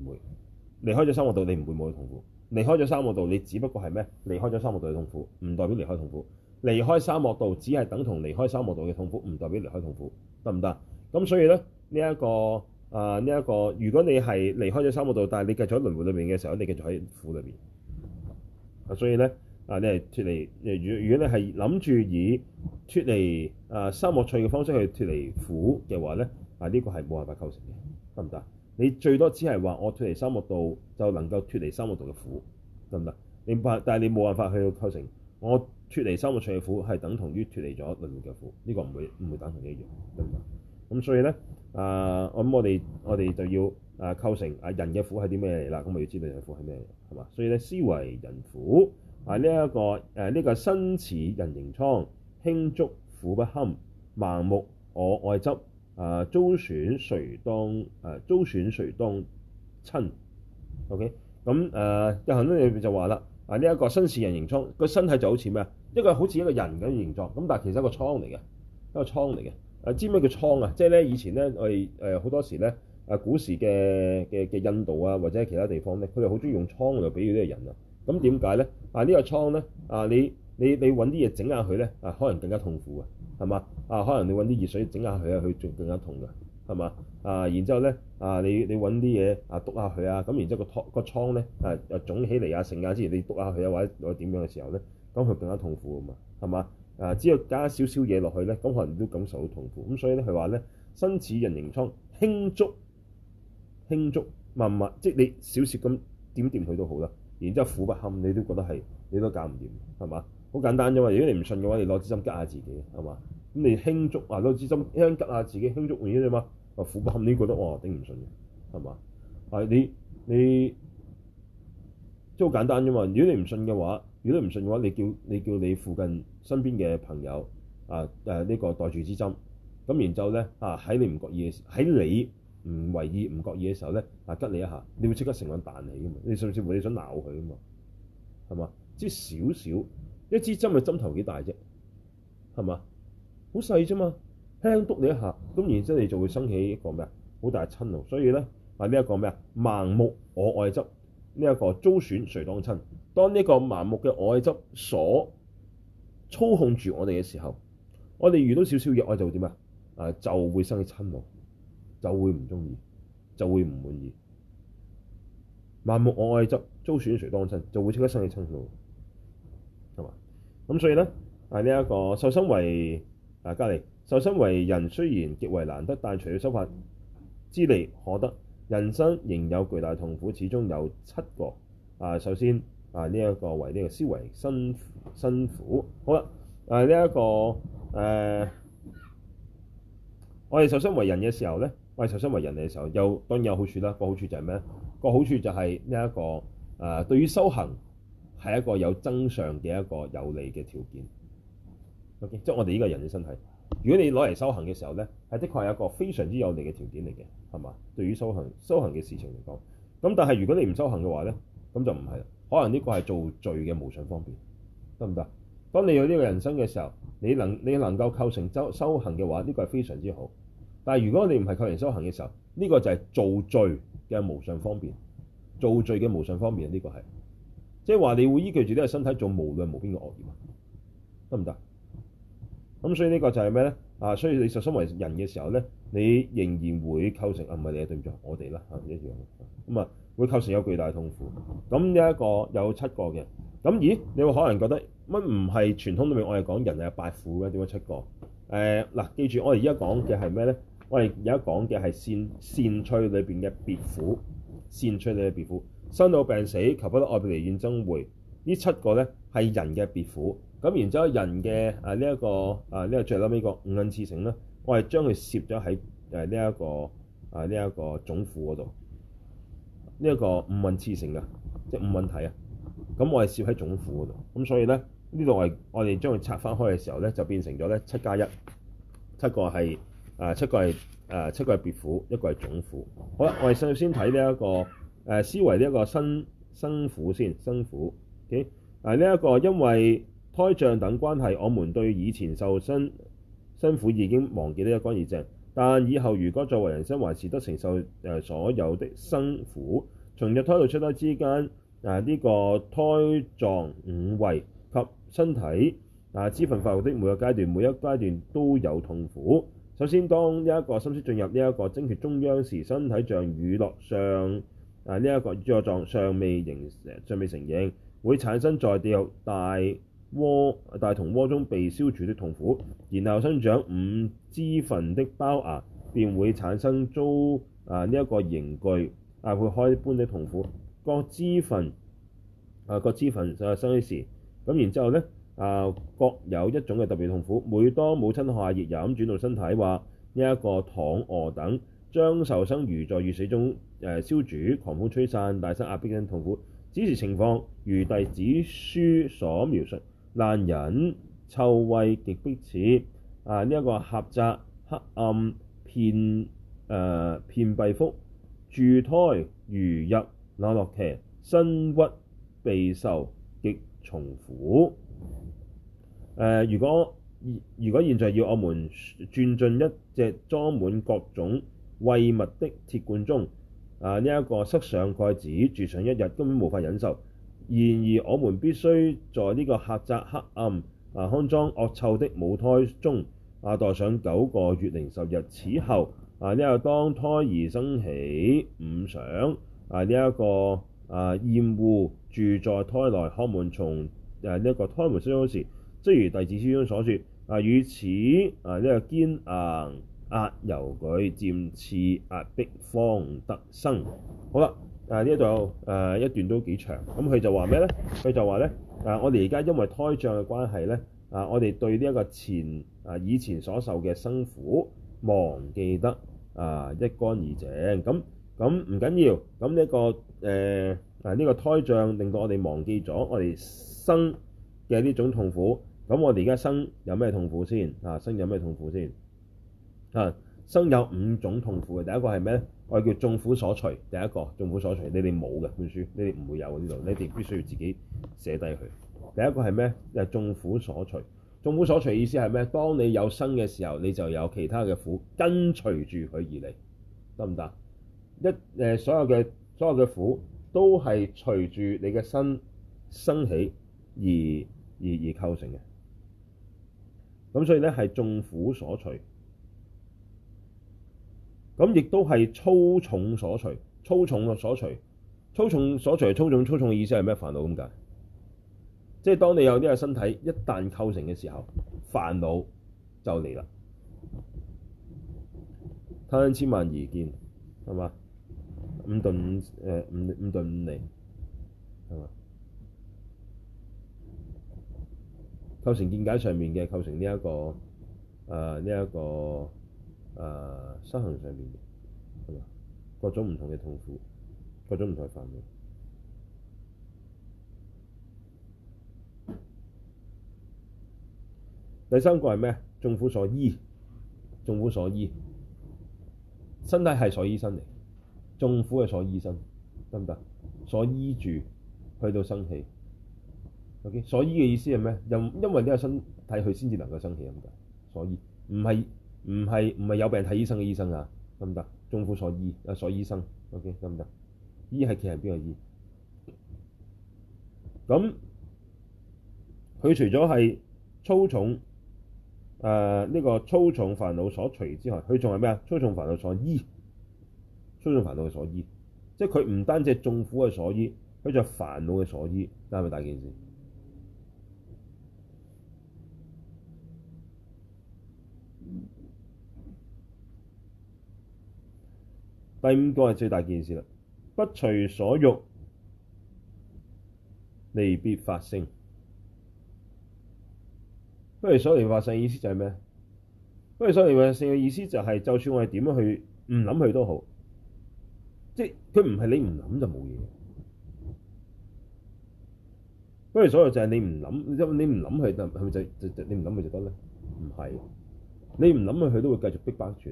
A: 唔會。離開咗三惡道，你唔會冇痛苦。離開咗三惡道，你只不過係咩？離開咗三惡道嘅痛苦，唔代表離開痛苦。離開三惡道，只係等同離開三惡道嘅痛苦，唔代表離開痛苦，得唔得？咁所以咧，呢、呢、一個啊，呢、呃、一、呢個，如果你係離開咗三惡道，但係你繼續喺輪迴裏面嘅時候，你繼續喺苦裏邊。啊，所以咧啊、呃，你係脱離，如如果你係諗住以脱離啊三惡趣嘅方式去脱離苦嘅話咧，啊、呃、呢、呢個係冇辦法構成嘅，得唔得？你最多只係話我脱離三惡道，就能夠脱離三惡道嘅苦，得唔得？你唔但係，但係你冇辦法去構成我，脱離生活上嘅苦係等同於脱離咗輪迴嘅苦，呢、這個唔會唔會等同一樣，明唔明啊？咁所以咧，啊、呃，咁、嗯、我哋我哋就要啊構成啊人嘅苦係啲咩嚟啦？咁我要知道人嘅苦係咩嘢，係嘛？所以咧，思為人苦啊！呢、這、一個誒呢、呃這個身似人形瘡，輕觸苦不堪，盲目我愛執啊，遭、呃、損誰當啊？遭、呃、損誰當親？OK，咁誒入行論咧就就話啦。啊！呢一個身似人形瘡，個身體就好似咩啊？一個好似一個人咁嘅形狀，咁但係其實一個瘡嚟嘅，一個瘡嚟嘅。誒、啊，知咩叫瘡啊？即係咧，以前咧，我哋誒好多時咧，誒古時嘅嘅嘅印度啊，或者其他地方咧，佢哋好中意用瘡嚟比喻啲人啊。咁點解咧？啊，呢個瘡咧，啊你你你揾啲嘢整下佢咧，啊，呢啊可能更加痛苦啊，係嘛？啊，可能你揾啲熱水整下佢啊，佢仲更加痛㗎。係嘛？啊，然之後咧，啊，你你揾啲嘢啊篤下佢啊，咁、啊、然之後個瘡個瘡咧啊又腫起嚟啊成啊，之前你篤下佢啊或者點樣嘅時候咧，咁佢更加痛苦啊嘛，係嘛？啊，只要加少少嘢落去咧，咁可能都感受到痛苦，咁、啊、所以咧佢話咧，身似人形瘡，輕觸輕觸，默默即係你少少咁點掂佢都好啦，然之後苦不堪，你都覺得係，你都搞唔掂，係嘛？好簡單啫嘛，如果你唔信嘅話，你攞支針拮下自己，係嘛？咁你輕觸啊，攞支針輕吉下自己，輕觸完啫嘛。啊，苦、哦、不堪，你覺得哇頂唔順嘅，係嘛？係你你即係好簡單啫嘛。如果你唔信嘅話，如果你唔信嘅話，你叫你叫你附近身邊嘅朋友啊誒呢、啊這個袋住支針咁，然之後咧啊喺你唔覺意嘅時喺你唔為意唔覺意嘅時候咧啊吉你一下，你會即刻成個彈起嘅嘛？你上上回你想鬧佢嘅嘛，係嘛？即係少少一支針嘅針頭幾大啫，係嘛？好細啫嘛，輕督你一下，咁然之後你就會生起一個咩啊？好大嗔怒，所以咧係呢一個咩啊？盲目我愛執呢一個遭損誰當親？當呢一個盲目嘅我愛執所操控住我哋嘅時候，我哋遇到少少嘢，我就會點啊？啊，就會生起嗔怒，就會唔中意，就會唔滿意。盲目我愛執遭損誰當親？就會即刻生起嗔怒，係嘛？咁所以咧，係呢一個受身為。嗱，隔離、啊、受身為人雖然極為難得，但係除咗修法之利可得，人生仍有巨大痛苦，始終有七個。啊，首先啊，呢、這、一個為呢個思維辛辛苦。好啦，啊呢一個誒，我哋受身為人嘅時候咧，我哋受身為人嘅時候，又當然有好處啦。個好處就係咩？個好處就係呢一個啊，對於修行係一個有增上嘅一個有利嘅條件。Okay. 即係我哋呢個人嘅身體。如果你攞嚟修行嘅時候呢，係的確係一個非常之有利嘅條件嚟嘅，係嘛？對於修行修行嘅事情嚟講，咁但係如果你唔修行嘅話呢，咁就唔係啦。可能呢個係做罪嘅無上方便，得唔得？當你有呢個人生嘅時候，你能你能夠構成修修，修行嘅話，呢個係非常之好。但係如果你唔係構成修行嘅時候，呢個就係做罪嘅無上方便。做罪嘅無上方便呢個係即係話你會依據住呢個身體做無量無邊嘅惡業啊，得唔得？咁、嗯、所以呢個就係咩咧？啊，所以你受生為人嘅時候咧，你仍然會構成啊，唔係你對唔住我哋啦嚇一樣，咁啊，啊、嗯、會構成有巨大嘅痛苦。咁呢一個有七個嘅。咁咦？你會可能覺得乜唔係傳統裏面我哋講人係八苦嘅，點解七個？誒、呃、嗱，記住我哋而家講嘅係咩咧？我哋而家講嘅係善善趣裏邊嘅別苦，善趣裏嘅別苦，生、老、病、死、求不得、愛別離、怨憎會，呢七個咧係人嘅別苦。咁然之後人、這個，人嘅啊呢一個啊呢個最後尾個五蘊熾盛咧，我係將佢攝咗喺誒呢一個啊呢一個總苦嗰度呢一個五蘊熾盛嘅，這個啊這個這個，即係五蘊體啊。咁我係攝喺總苦嗰度。咁所以咧呢度係我哋將佢拆翻開嘅時候咧，就變成咗咧七加一七個係啊、呃、七個係啊、呃、七個係別苦，一個係總苦。好啦，我哋首先睇呢一個誒、呃、思維呢一個生生苦先生苦。OK，啊呢一、這個因為。胎障等關係，我們對以前受身生，生苦已經忘記得一乾二淨。但以後如果作為人身，還是得承受誒所有的生苦。從入胎到出胎之間，啊呢、這個胎髒五位及身體啊支分發育的每個階段，每一階段都有痛苦。首先，當呢一個心識進入呢一個精血中央時，身體像乳酪狀啊呢一、這個乳酪狀尚未形成，尚未成形，會產生在地獄大。喺大銅鍋中被燒煮的痛苦，然後生長五支分的胞芽，便會產生遭啊呢一個刑具啊，會開般的痛苦。各支分，啊，各支分啊生起時，咁、啊、然之後咧啊，各有一種嘅特別痛苦。每當母親喝下熱飲轉動身體話，話呢一個躺臥等將受生如在熱水中誒、呃、燒煮，狂風吹散大山壓迫嘅痛苦。此時情況如弟子書所描述。難忍臭穢極逼切，啊呢一、這個狹窄黑暗，遍誒遍蔽覆，住胎如入奈洛迦，身屈備受極重苦。誒、呃，如果如果現在要我們鑽進一隻裝滿各種穢物的鐵罐中，啊呢一、這個塞上蓋子，住上一日，根本無法忍受。然而，我們必須在呢個狹窄、黑暗、啊骯髒、惡臭的母胎中，啊待上九個月零十日。此後，啊呢一個當胎兒生起、五想，啊呢一、這個啊厭惡住在胎內，渴望從誒呢一個胎門生出時，即如《弟子書》中所說，啊與此啊呢、這個堅硬壓油具，漸次壓迫方得生。好啦。誒呢一度誒一段都幾長，咁、啊、佢就話咩咧？佢就話咧，誒、啊、我哋而家因為胎障嘅關係咧，啊我哋對呢一個前啊以前所受嘅生苦忘記得啊一乾二淨，咁咁唔緊要緊，咁呢、這個誒啊呢、這個胎障令到我哋忘記咗我哋生嘅呢種痛苦，咁我哋而家生有咩痛苦先？啊生有咩痛苦先？啊生有五種痛苦嘅、啊，第一個係咩咧？我叫眾苦所隨。第一個眾苦所隨，你哋冇嘅本書，你哋唔會有呢度，你哋必須要自己寫低佢。第一個係咩？係眾苦所隨。眾苦所隨意思係咩？當你有生嘅時候，你就有其他嘅苦跟隨住佢而嚟，得唔得？一誒、呃、所有嘅所有嘅苦都係隨住你嘅身生，生起而而而，而構成嘅。咁所以咧係眾苦所隨。咁亦都係粗重所除，粗重嘅所除，粗重所除，粗重粗重嘅意思係咩？煩惱咁解，即係當你有呢個身體一旦構成嘅時候，煩惱就嚟啦。貪嗔痴慢疑見，係嘛？五頓五五、呃、五頓五離，係嘛？構成見解上面嘅構成呢一個啊呢一個。呃這個誒身行上邊，係嘛？各種唔同嘅痛苦，各種唔同嘅煩惱。第三個係咩？眾苦所依，眾苦所依，身體係所依身嚟，眾苦係所依身，得唔得？所依住去到生起，OK。所依嘅意思係咩？因因為呢個身體，佢先至能夠生起咁解。所以唔係。唔係唔係有病睇醫生嘅醫生啊，得唔得？眾苦所依啊，所醫生，OK 得唔得？依係祈人邊個依？咁佢除咗係粗重誒呢個粗重煩惱所除之外，佢仲係咩啊？粗重煩惱所依，粗重煩惱嘅所依，即係佢唔單止係眾苦嘅所依，佢就係煩惱嘅所依，係咪大件事？第五個係最大件事啦，不隨所欲，未必發生。不隨所欲發生意思就係咩？不隨所欲發生嘅意思就係、是，就算我哋點樣去唔諗佢都好，即係佢唔係你唔諗就冇嘢。不隨所欲就係你唔諗，你你唔諗佢就得，係咪就就你唔諗佢就得咧？唔係，你唔諗去，去，佢都會繼續逼翻住。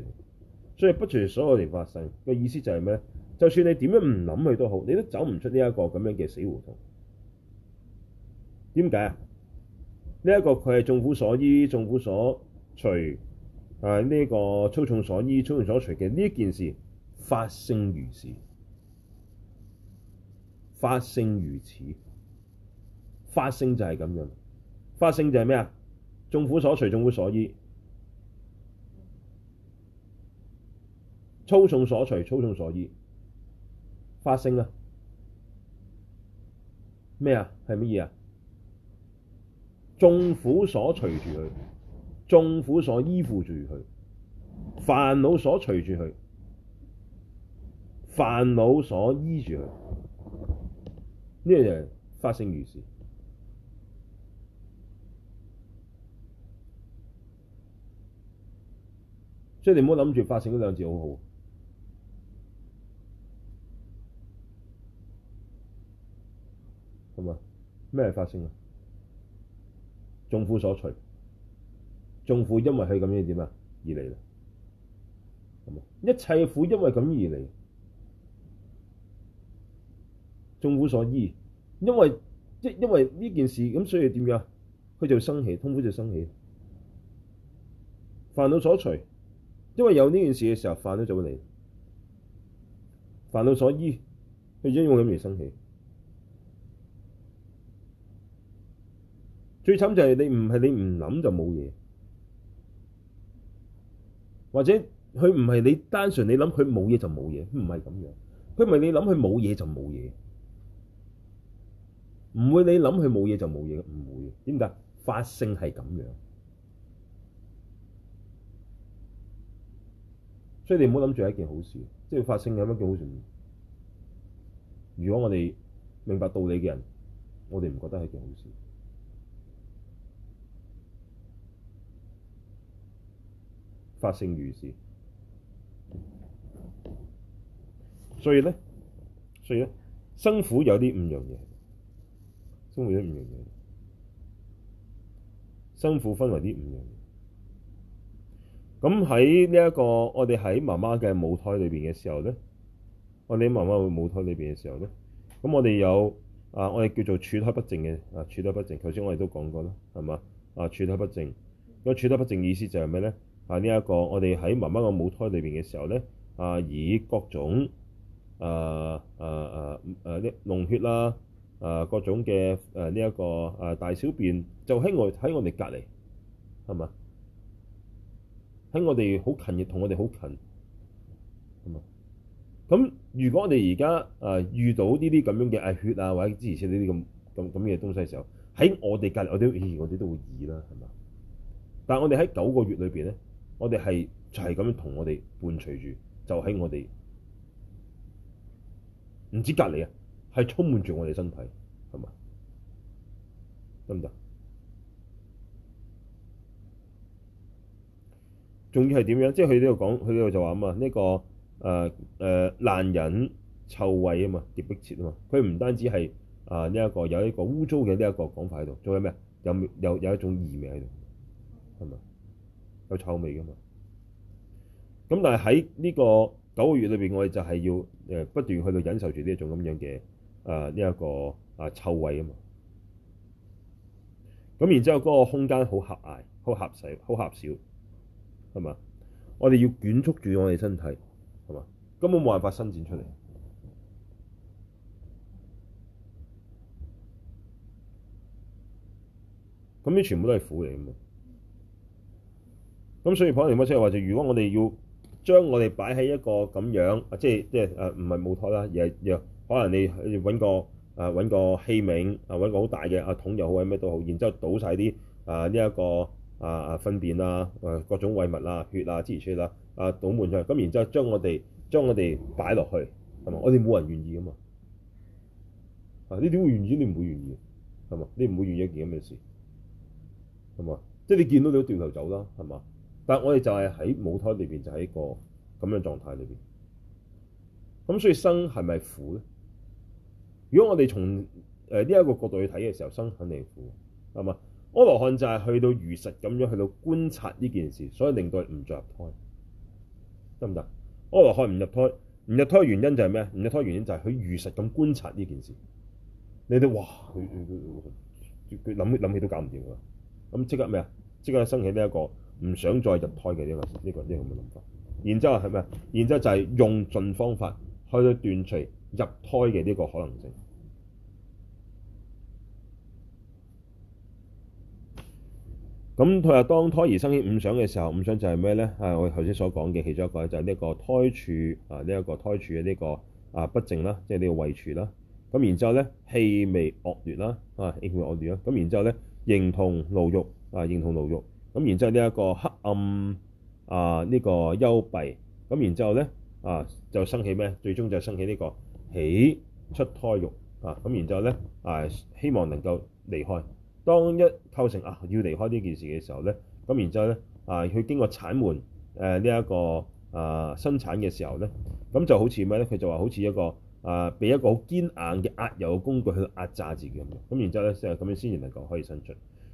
A: 所以不隨所有發生個意思就係咩咧？就算你點樣唔諗佢都好，你都走唔出呢一個咁樣嘅死胡同。點解啊？呢、這、一個佢係眾苦所依，眾苦所隨啊，呢、這、一個操縱所依，操縱所隨嘅呢一件事發生如是，發生如此，發生如此，發生就係咁樣，發生就係咩啊？眾苦所隨，眾苦所依。粗重所隨，粗重所依，發生啊？咩啊？係乜嘢啊？眾苦所隨住佢，眾苦所依附住佢，煩惱所隨住佢，煩惱所依住佢，呢樣嘢發生如是。即係你唔好諗住“發生”嗰兩字好好。咁啊，咩發生啊？眾苦所除，眾苦因為佢咁而點啊而嚟啦，咁啊一切苦因為咁而嚟，眾苦所依，因為即因為呢件事咁，所以點樣？佢就生氣，痛苦就生氣，煩惱所除，因為有呢件事嘅時候，煩惱就會嚟，煩惱所依，佢因為咁而生氣。最慘就係你唔係你唔諗就冇嘢，或者佢唔係你單純你諗佢冇嘢就冇嘢。唔係咁樣，佢唔係你諗佢冇嘢就冇嘢，唔會你諗佢冇嘢就冇嘢，唔會，點解？法性係咁樣，所以你唔好諗住係一件好事，即係法性有一件好事？如果我哋明白道理嘅人，我哋唔覺得係一件好事。發生如是，所以咧，所以咧，辛苦有啲五樣嘢，辛苦有五樣嘢，辛苦分為啲五樣。咁喺呢一個，我哋喺媽媽嘅母胎裏邊嘅時候咧，我哋喺媽媽嘅母胎裏邊嘅時候咧，咁我哋有啊，我哋叫做處胎不正嘅啊，處胎不正，頭先我哋都講過啦，係嘛啊，處胎不正。咁處胎不正意思就係咩咧？係呢一個，我哋喺媽媽個母胎裏邊嘅時候咧，啊，以各種啊啊啊啊啲膿血啦，啊，啊，啊，啊各種嘅誒呢一個啊，啊大小便，就喺我喺我哋隔籬，係嘛？喺我哋好近亦同我哋好近，係嘛？咁如果我哋而家啊遇到呢啲咁樣嘅啊血啊，或者之前似呢啲咁咁咁嘅東西嘅時候，喺我哋隔籬，我哋我哋都會耳啦，係嘛？但係我哋喺九個月裏邊咧。我哋係就係咁樣同我哋伴隨住，就喺我哋唔止隔離啊，係充滿住我哋身體，係嘛，得唔得？仲要係點樣？即係佢呢度講，佢呢度就話啊嘛呢個誒誒、呃呃、難忍臭穢啊嘛，極逼切啊嘛，佢唔單止係啊呢一個有一個污糟嘅呢一個講法喺度，仲有咩？有有有一種異味喺度，係嘛？有臭味㗎嘛？咁但係喺呢個九個月裏邊，我哋就係要誒不斷去到忍受住呢一種咁樣嘅誒呢一個誒、呃、臭味啊嘛。咁然之後嗰個空間好狹隘、好狹細、好狹小，係嘛？我哋要捲縮住我哋身體，係嘛？根本冇辦法伸展出嚟。咁呢全部都係苦嚟嘅嘛。咁所以講到什麼即係話就，如果我哋要將我哋擺喺一個咁樣，即係即係誒唔係木枱啦，而係而可能你揾個,、呃、個,個啊揾個器皿啊揾個好大嘅啊桶又好，揾咩都好，然之後倒晒啲、呃這個、啊呢一個啊啊糞便啊誒各種廢物啊血啊之類之類啦啊倒滿出去，咁然之後將我哋將我哋擺落去係嘛？我哋冇人願意啊嘛啊！你點會願意？你唔會願意係嘛？你唔會願意一件咁嘅事係嘛？即係你見到你都掉頭走啦，係嘛？但係我哋就係喺母胎裏邊，就喺、是、個咁樣狀態裏邊。咁所以生係咪苦咧？如果我哋從誒呢一個角度去睇嘅時候，生肯定係苦，係嘛？阿羅漢就係去到如實咁樣去到觀察呢件事，所以令到唔再入胎，得唔得？阿羅漢唔入胎，唔入胎原因就係咩？唔入胎原因就係佢如實咁觀察呢件事。你哋哇，佢佢佢佢諗諗起都搞唔掂㗎。咁即刻咩啊？即刻生起呢、這、一個。唔想再入胎嘅呢、這個呢、這個呢、這個咁嘅諗法，然之後係咩？然之後就係用盡方法去斷除入胎嘅呢個可能性。咁佢話當胎兒生起五想嘅時候，五想就係咩咧？啊，我哋頭先所講嘅其中一個就係呢個胎處啊，呢、這、一個胎處嘅呢個啊不淨啦，即係呢個胃柱啦。咁然之後咧，氣味惡劣啦，啊氣味惡劣啦。咁然之後咧，形同牢獄啊，形同牢獄。咁然之後呢一個黑暗、呃這個、啊，呢個幽閉咁，然之後咧啊，就生起咩、這個？最終就生起呢個起出胎肉啊。咁然之後咧啊，希望能夠離開。當一構成啊要離開呢件事嘅時候咧，咁然之後咧啊，去經過、呃這個啊、產門誒呢，啊、呢一個啊生產嘅時候咧，咁就好似咩咧？佢就話好似一個啊俾一個好堅硬嘅壓油工具去壓榨自己咁樣。咁然之後咧，即係咁樣先至能夠可以生出。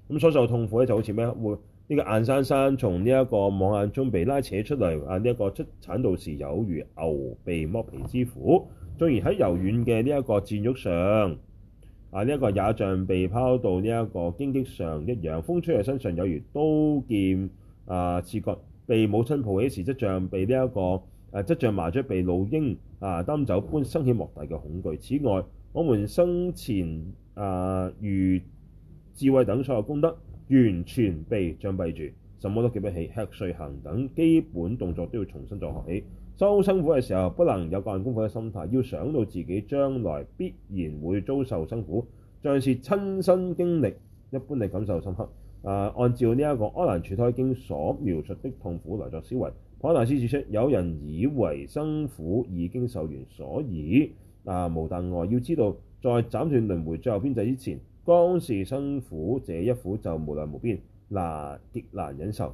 A: 咁所受痛苦咧就好似咩會？呢個硬生生從呢一個網眼中被拉扯出嚟。啊！呢、這、一個出產道時有如牛被剝皮之苦，縱然喺柔軟嘅呢一個戰慄上，啊！呢、這、一個也像被拋到呢一個荊棘上一樣，風吹喺身上有如刀劍啊刺割。被母親抱起時，則像被呢、這、一個誒則、啊、像麻雀被老鷹啊擔走般生起莫大嘅恐懼。此外，我們生前啊，如智慧等所有功德。完全被障蔽住，什麼都記不起，吃睡行等基本動作都要重新再學起。修生苦嘅時候，不能有隔岸觀火嘅心態，要想到自己將來必然會遭受生苦。像是親身經歷，一般嘅感受深刻。啊、呃，按照呢一個《阿難入胎經》所描述的痛苦來作思維。帕繃喀大師指出，有人以為生苦已經受完，所以啊、呃、無大礙，要知道在斬斷輪迴最後邊際之前，光是生苦，這一苦就無量無邊，嗱，極難忍受。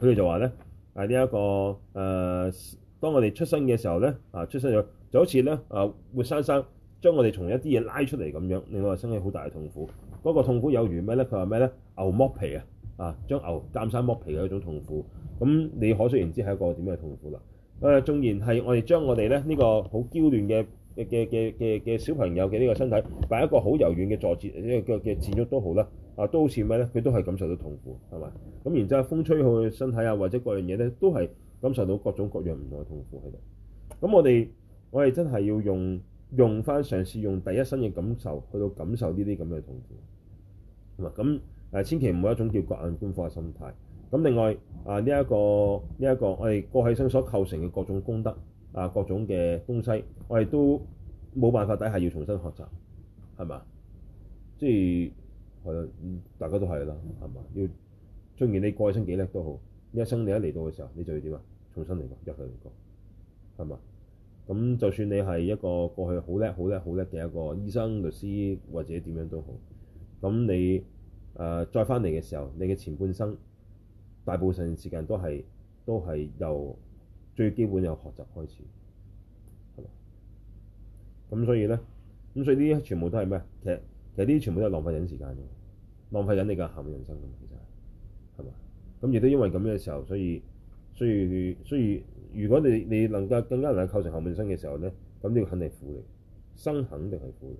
A: 佢哋就話咧，誒呢一個誒、呃，當我哋出生嘅時候咧，啊，出生咗就好似咧啊，活生生將我哋從一啲嘢拉出嚟咁樣，令我哋生起好大嘅痛苦。嗰、那個痛苦有餘咩咧，佢話咩咧？牛剝皮啊，啊將牛剝生剝皮嘅一種痛苦。咁你可想而知係一個點樣嘅痛苦啦。啊、呃、縱然係我哋將我哋咧呢、這個好嬌嫩嘅。嘅嘅嘅嘅小朋友嘅呢個身體，擺一個好柔軟嘅坐姿，呢個嘅嘅姿慄都好啦，啊，都好似咩咧？佢都係感受到痛苦，係咪？咁然之後風吹佢身體啊，或者各樣嘢咧，都係感受到各種各樣唔同嘅痛苦喺度。咁我哋我哋真係要用用翻，嘗試用第一身嘅感受去到感受呢啲咁嘅痛苦。咁啊，咁誒千祈唔好一種叫隔岸觀火嘅心態。咁另外啊，呢一個呢一個我哋過去生所構成嘅各種功德。啊，各種嘅東西，我哋都冇辦法底下要重新學習，係嘛？即係係，大家都係啦，係嘛？要，縱然你過去生幾叻都好，一生你一嚟到嘅時候，你就要點啊？重新嚟過，一句嚟講，係嘛？咁就算你係一個過去好叻、好叻、好叻嘅一個醫生、律師或者點樣都好，咁你誒、呃、再翻嚟嘅時候，你嘅前半生大部分時間都係都係由。最基本由學習開始係嘛？咁所以咧，咁所以啲全部都係咩？其實其實啲全部都係浪費緊時間嘅，浪費緊你嘅後半人生，咁其實係係嘛？咁亦都因為咁嘅時候，所以所以所以，所以如果你你能夠更加能夠構成後半生嘅時候咧，咁呢個肯定苦力，生，肯定係苦力。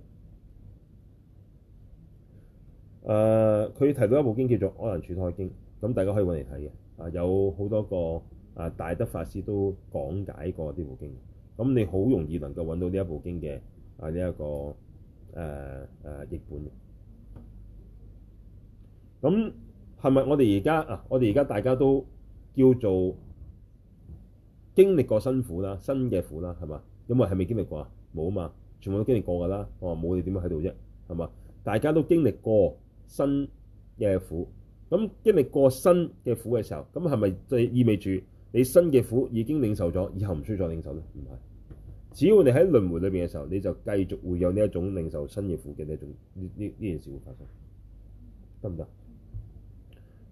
A: 誒、呃，佢提到一部經叫做《阿難入胎經》，咁大家可以揾嚟睇嘅。啊，有好多個。啊！大德法師都講解過呢部經，咁你好容易能夠揾到呢一部經嘅啊，呢一個誒誒譯本嘅。咁係咪我哋而家啊？我哋而家大家都叫做經歷過生苦啦，生嘅苦啦，係嘛？因為係咪經歷過啊？冇啊嘛，全部都經歷過㗎啦。我話冇你點樣喺度啫，係嘛？大家都經歷過生嘅苦，咁經歷過生嘅苦嘅時候，咁係咪就意味住？你新嘅苦已經領受咗，以後唔需要再領受咧，唔係。只要你喺輪迴裏邊嘅時候，你就繼續會有呢一種領受新嘅苦嘅呢一種呢呢呢件事會發生，得唔得？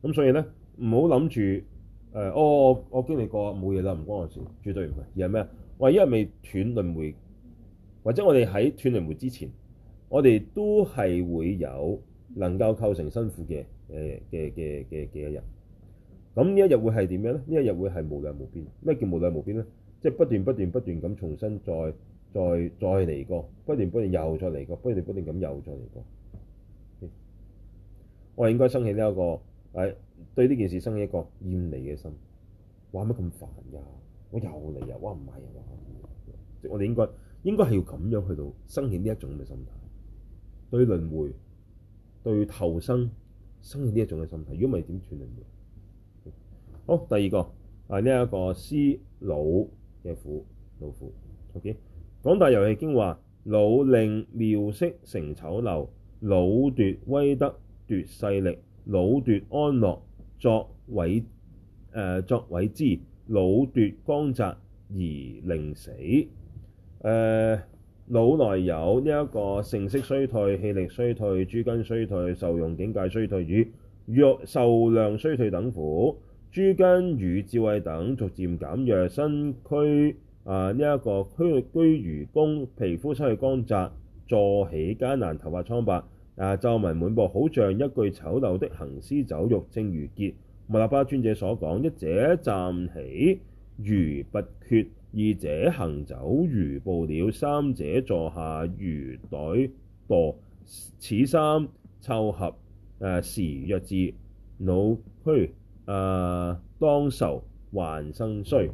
A: 咁所以咧，唔好諗住誒，哦我，我經歷過冇嘢啦，唔關我事，絕對唔係。而係咩？我因為未斷輪迴，或者我哋喺斷輪迴之前，我哋都係會有能夠構成辛苦嘅誒嘅嘅嘅嘅一日。呃咁呢一日會係點樣咧？呢一日會係無量無邊。咩叫無量無邊咧？即係不斷不斷不斷咁重新再再再嚟過，不斷不斷又再嚟過，不斷不斷咁又再嚟過。我係應該生起呢一個係對呢件事生起一個厭離嘅心。哇乜咁煩㗎？我又嚟又話唔係又話。我哋應該應該係要咁樣去到生起呢一種嘅心態，對輪迴、對投生，生起呢一種嘅心態。如果唔係點斷輪迴？好，第二個係呢一個師老嘅苦老苦。OK，《廣大遊戲經》話：老令妙色成醜陋，老奪威德奪勢力，老奪安樂作毀誒、呃、作毀訾，老奪光澤而令死。誒、呃、老來有呢、這、一個盛色衰退、氣力衰退、諸根衰退、受用境界衰退與若壽量衰退等苦。諸根與智慧等逐漸減弱，身軀啊呢一個佝倨如弓，皮膚失去光澤，坐起艱難，頭髮蒼白，啊皺紋滿布，好像一具醜陋的行屍走肉。正如傑密勒日巴尊者所講：一者站起如拔橛，二者行走如捕鳥，三者坐下如袋墜。此三湊合，誒時若至，老嫗，誒、啊、當愁幻身衰，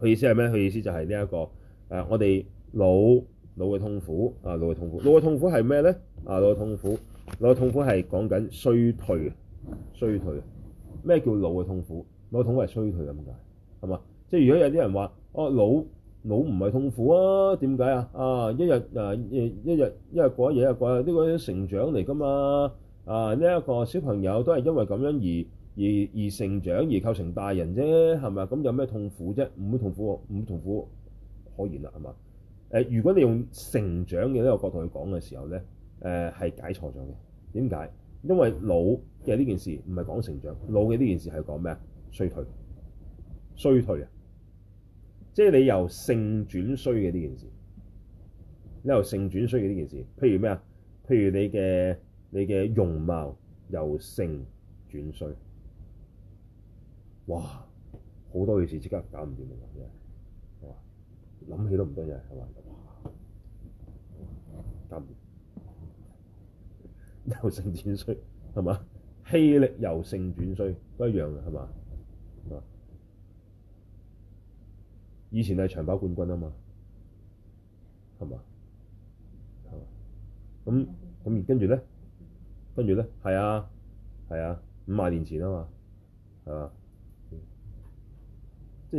A: 佢意思係咩？佢意思就係呢一個誒、啊，我哋老老嘅痛苦啊，老嘅痛苦，老嘅痛苦係咩咧？啊，老嘅痛苦，老嘅痛苦係講緊衰退啊，衰退。咩叫老嘅痛苦？老嘅痛苦係衰退咁解係嘛？即係如果有啲人話，哦，老老唔係痛苦啊？點解啊？啊，一日啊，一日一日一日過一日，呢個成長嚟㗎嘛啊！呢、這、一個小朋友都係因為咁樣而。而而成長而構成大人啫，係咪啊？咁有咩痛苦啫？唔會痛苦、啊，唔會痛苦、啊、可言啦、啊，係嘛？誒、呃，如果你用成長嘅呢個角度去講嘅時候咧，誒、呃、係解錯咗嘅。點解？因為老嘅呢件事唔係講成長，老嘅呢件事係講咩啊？衰退，衰退啊！即係你由盛轉衰嘅呢件事，你由盛轉衰嘅呢件事，譬如咩啊？譬如你嘅你嘅容貌由盛轉衰。哇！好多嘢事即刻搞唔掂嘅，真係哇！諗起都唔多嘢係嘛？哇！搞唔掂 [LAUGHS] 由盛轉衰係嘛？氣力由盛轉衰都一樣嘅係嘛？係嘛？以前係長跑冠軍啊嘛，係嘛？係嘛？咁咁，跟住咧，跟住咧，係啊係啊，五萬、啊、年前啊嘛，係嘛？即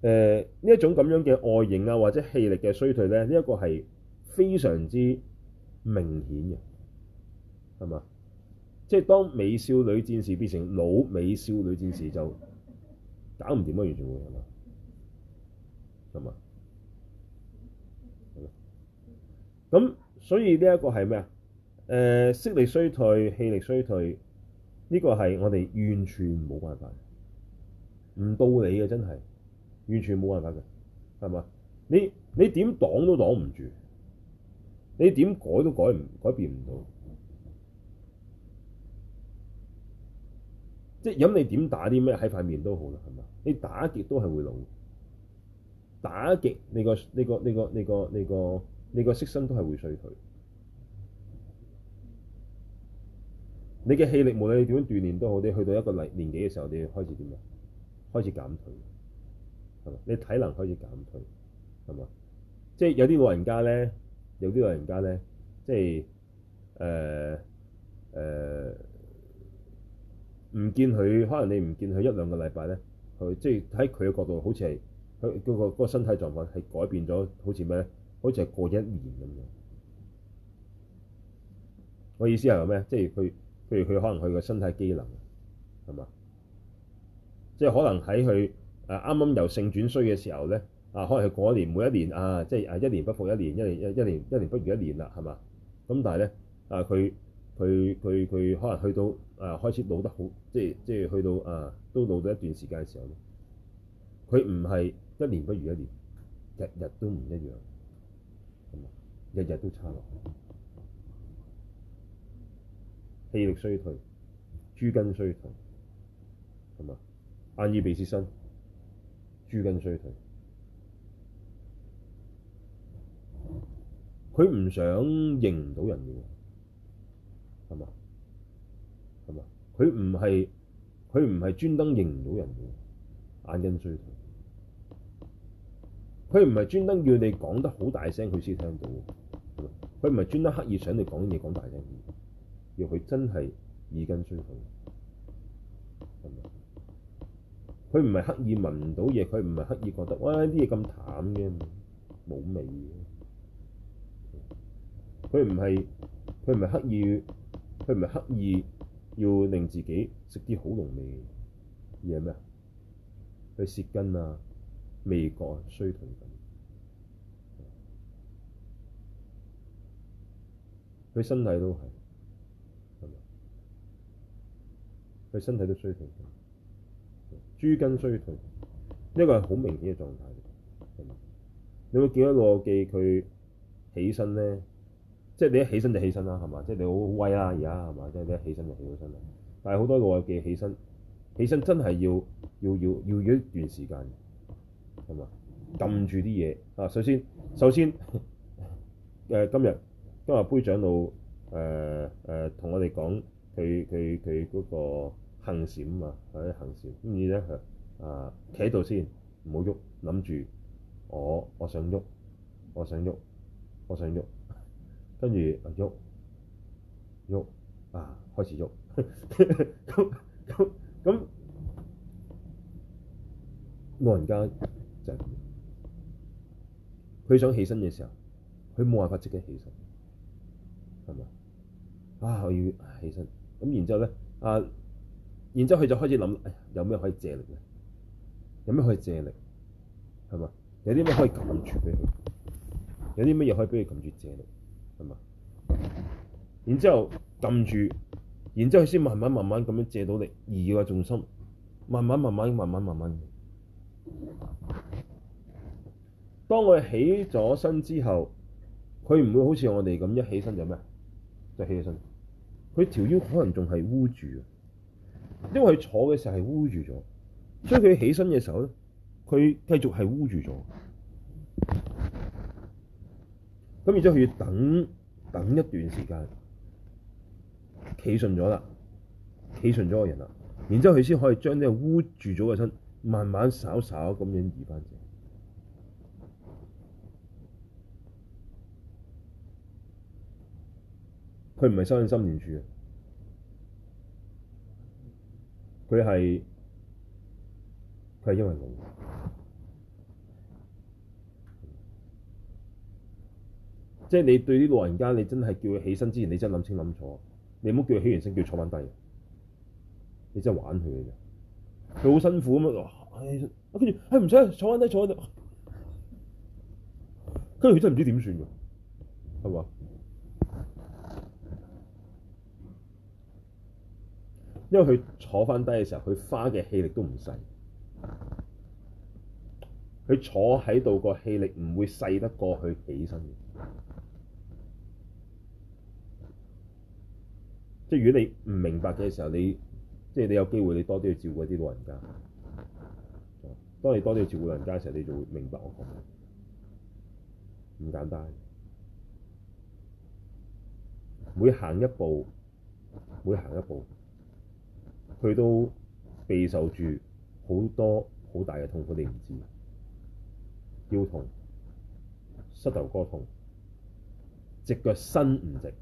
A: 係誒呢一種咁樣嘅外形啊，或者氣力嘅衰退咧，呢一個係非常之明顯嘅，係嘛？即係當美少女戰士變成老美少女戰士就搞唔掂嘅，完全會係嘛？係嘛？咁所以呢一個係咩啊？誒，色力衰退、氣力衰退，呢個係我哋完全冇辦法。唔道理嘅，真係，完全冇辦法嘅，係嘛？你你點擋都擋唔住，你點改都改唔改變唔到。即係咁，你點打啲咩喺塊面都好啦，係嘛？你打極都係會老。打極你個你個你個你個你個你個色身都係會衰退。你嘅氣力無論你點樣鍛煉都好，你去到一個嚟年紀嘅時候，你要開始點啊？開始減退，係嘛？你體能開始減退，係嘛？即係有啲老人家咧，有啲老人家咧，即係誒誒，呃呃，唔見佢，可能你唔見佢一兩個禮拜咧，佢即係喺佢嘅角度，好似係佢嗰個嗰個身體狀況係改變咗，好似咩咧？好似係過一年咁樣。我意思係咩？即係佢，譬如佢可能佢個身體機能係嘛？即係可能喺佢誒啱啱由盛轉衰嘅時候咧，啊，可能係過一年每一年啊，即係誒、啊、一,一年不復一年，一年一一年一年不如一年啦，係嘛？咁但係咧，啊，佢佢佢佢可能去到誒開始老得好，即係即係去到啊都老咗一段時間嘅時候，佢唔係一年不如一年，日日都唔一樣，咁啊，日日都差落去，氣力衰退，諸根衰退，係嘛？眼耳鼻舌身，諸根衰退。佢唔想認唔到人嘅，係嘛？係嘛？佢唔係佢唔係專登認唔到人嘅，眼根衰退。佢唔係專登要你講得好大聲，佢先聽到。係嘛？佢唔係專登刻意想你講嘢講大聲啲，要佢真係耳根衰退。佢唔係刻意聞唔到嘢，佢唔係刻意覺得哇啲嘢咁淡嘅，冇味嘅。佢唔係，佢唔係刻意，佢唔係刻意要令自己食啲好濃味嘅嘢咩啊？佢舌根啊，味覺啊衰退緊。佢身體都係，係咪？佢身體都衰退緊。諸根衰退，呢個係好明顯嘅狀態。係你會見到老記佢起身咧，即係你一起身就起身啦，係嘛？即係你好威啦，而家係嘛？即係你一起身就起咗身啦。但係好多老記起身，起身真係要要要要，要一段時間。係嘛？撳住啲嘢啊！首先，首先，誒、 [LAUGHS] 呃、今日今日杯長老誒誒同我哋講佢佢佢嗰個。行善嘛，或者、嗯、行善。咁你咧，啊，企喺度先，唔好喐，諗住我，我想喐，我想喐，我想喐，跟住啊，喐，喐啊，開始喐。咁咁咁，老人家就，佢想起身嘅時候，佢冇辦法即刻起身，係咪？啊，我要起身，咁然之後咧，啊。然之後佢就開始諗，哎，有咩可以借力咧？有咩可以借力？係嘛？有啲咩可以撳住俾佢？有啲咩嘢可以俾佢撳住借力？係嘛？然之後撳住，然之後先慢慢慢慢咁樣借到力，而個重心慢慢慢慢慢慢慢慢。當佢起咗身之後，佢唔會好似我哋咁一起身就咩？就起起身，佢條腰可能仲係污住。因為佢坐嘅時候係污住咗，所以佢起身嘅時候咧，佢繼續係污住咗。咁然之後佢要等等一段時間，企順咗啦，企順咗個人啦，然之後佢先可以將呢個污住咗嘅身慢慢稍稍咁樣移翻正。佢唔係收喺心源處嘅。佢係，佢係因為老。即係你對啲老人家，你真係叫佢起身之前，你真係諗清諗楚，你唔好叫佢起完先，叫佢坐返低，你真係玩佢嘅啫，佢好辛苦咁樣，跟住係唔使坐返低，坐返低，跟住佢真係唔知點算㗎，係嘛？因為佢坐翻低嘅時候，佢花嘅氣力都唔細。佢坐喺度個氣力唔會細得過佢起身嘅。即係如果你唔明白嘅時候，你即係你有機會，你多啲去照顧一啲老人家。當你多啲照顧老人家嘅時候，你就會明白我講嘅。唔簡單。每行一步，每行一步。佢都備受住好多好大嘅痛苦，你唔知，腰痛、膝頭哥痛、隻腳伸唔直、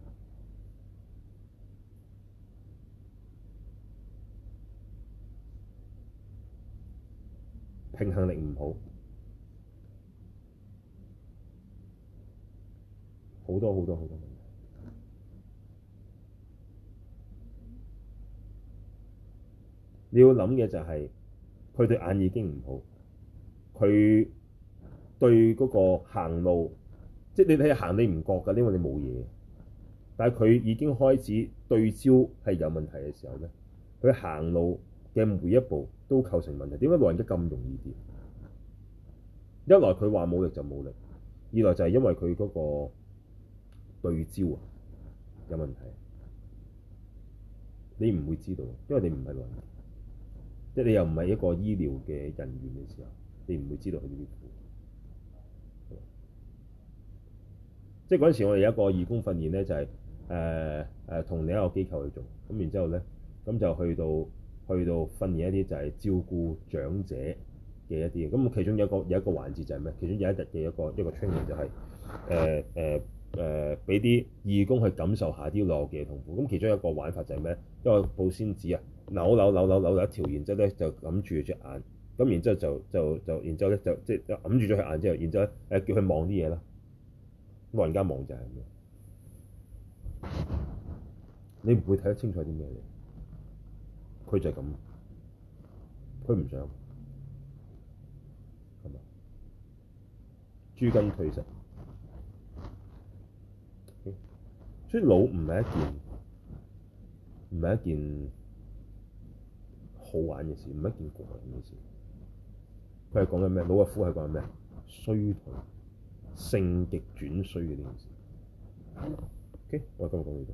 A: 平衡力唔好，好多好多好多。你要諗嘅就係，佢對眼已經唔好，佢對嗰個行路，即係你睇下行你唔覺㗎，因為你冇嘢。但係佢已經開始對焦係有問題嘅時候咧，佢行路嘅每一步都構成問題。點解老人家咁容易跌？一來佢話冇力就冇力，二來就係因為佢嗰個對焦啊有問題。你唔會知道，因為你唔係老人即係你又唔係一個醫療嘅人員嘅時候，你唔會知道佢啲苦。即係嗰陣時，我哋有一個義工訓練咧，就係誒誒同另一個機構去做咁，然之後咧咁就去到去到訓練一啲就係照顧長者嘅一啲咁，其中有一個有一個環節就係咩？其中有一日嘅一個一個 training 就係，誒誒誒，俾、呃、啲、呃呃、義工去感受下啲落嘅痛苦。咁其中一個玩法就係咩？因為保鮮紙。啊。扭扭扭扭扭一條，然之後咧就揞住隻眼，咁然之後就就就，然之後咧就即係揞住咗佢眼之後，然之後咧誒、呃、叫佢望啲嘢啦。老人家望就係咁樣？你唔會睇得清楚啲咩嘢？佢就係咁，佢唔想係咪？諸根退失。所以老唔係一件唔係一件好玩嘅事，唔係一件過癮嘅事。佢係講緊咩？老亞夫係講緊咩？衰同盛極轉衰嘅呢件事。OK，我哋講完呢度。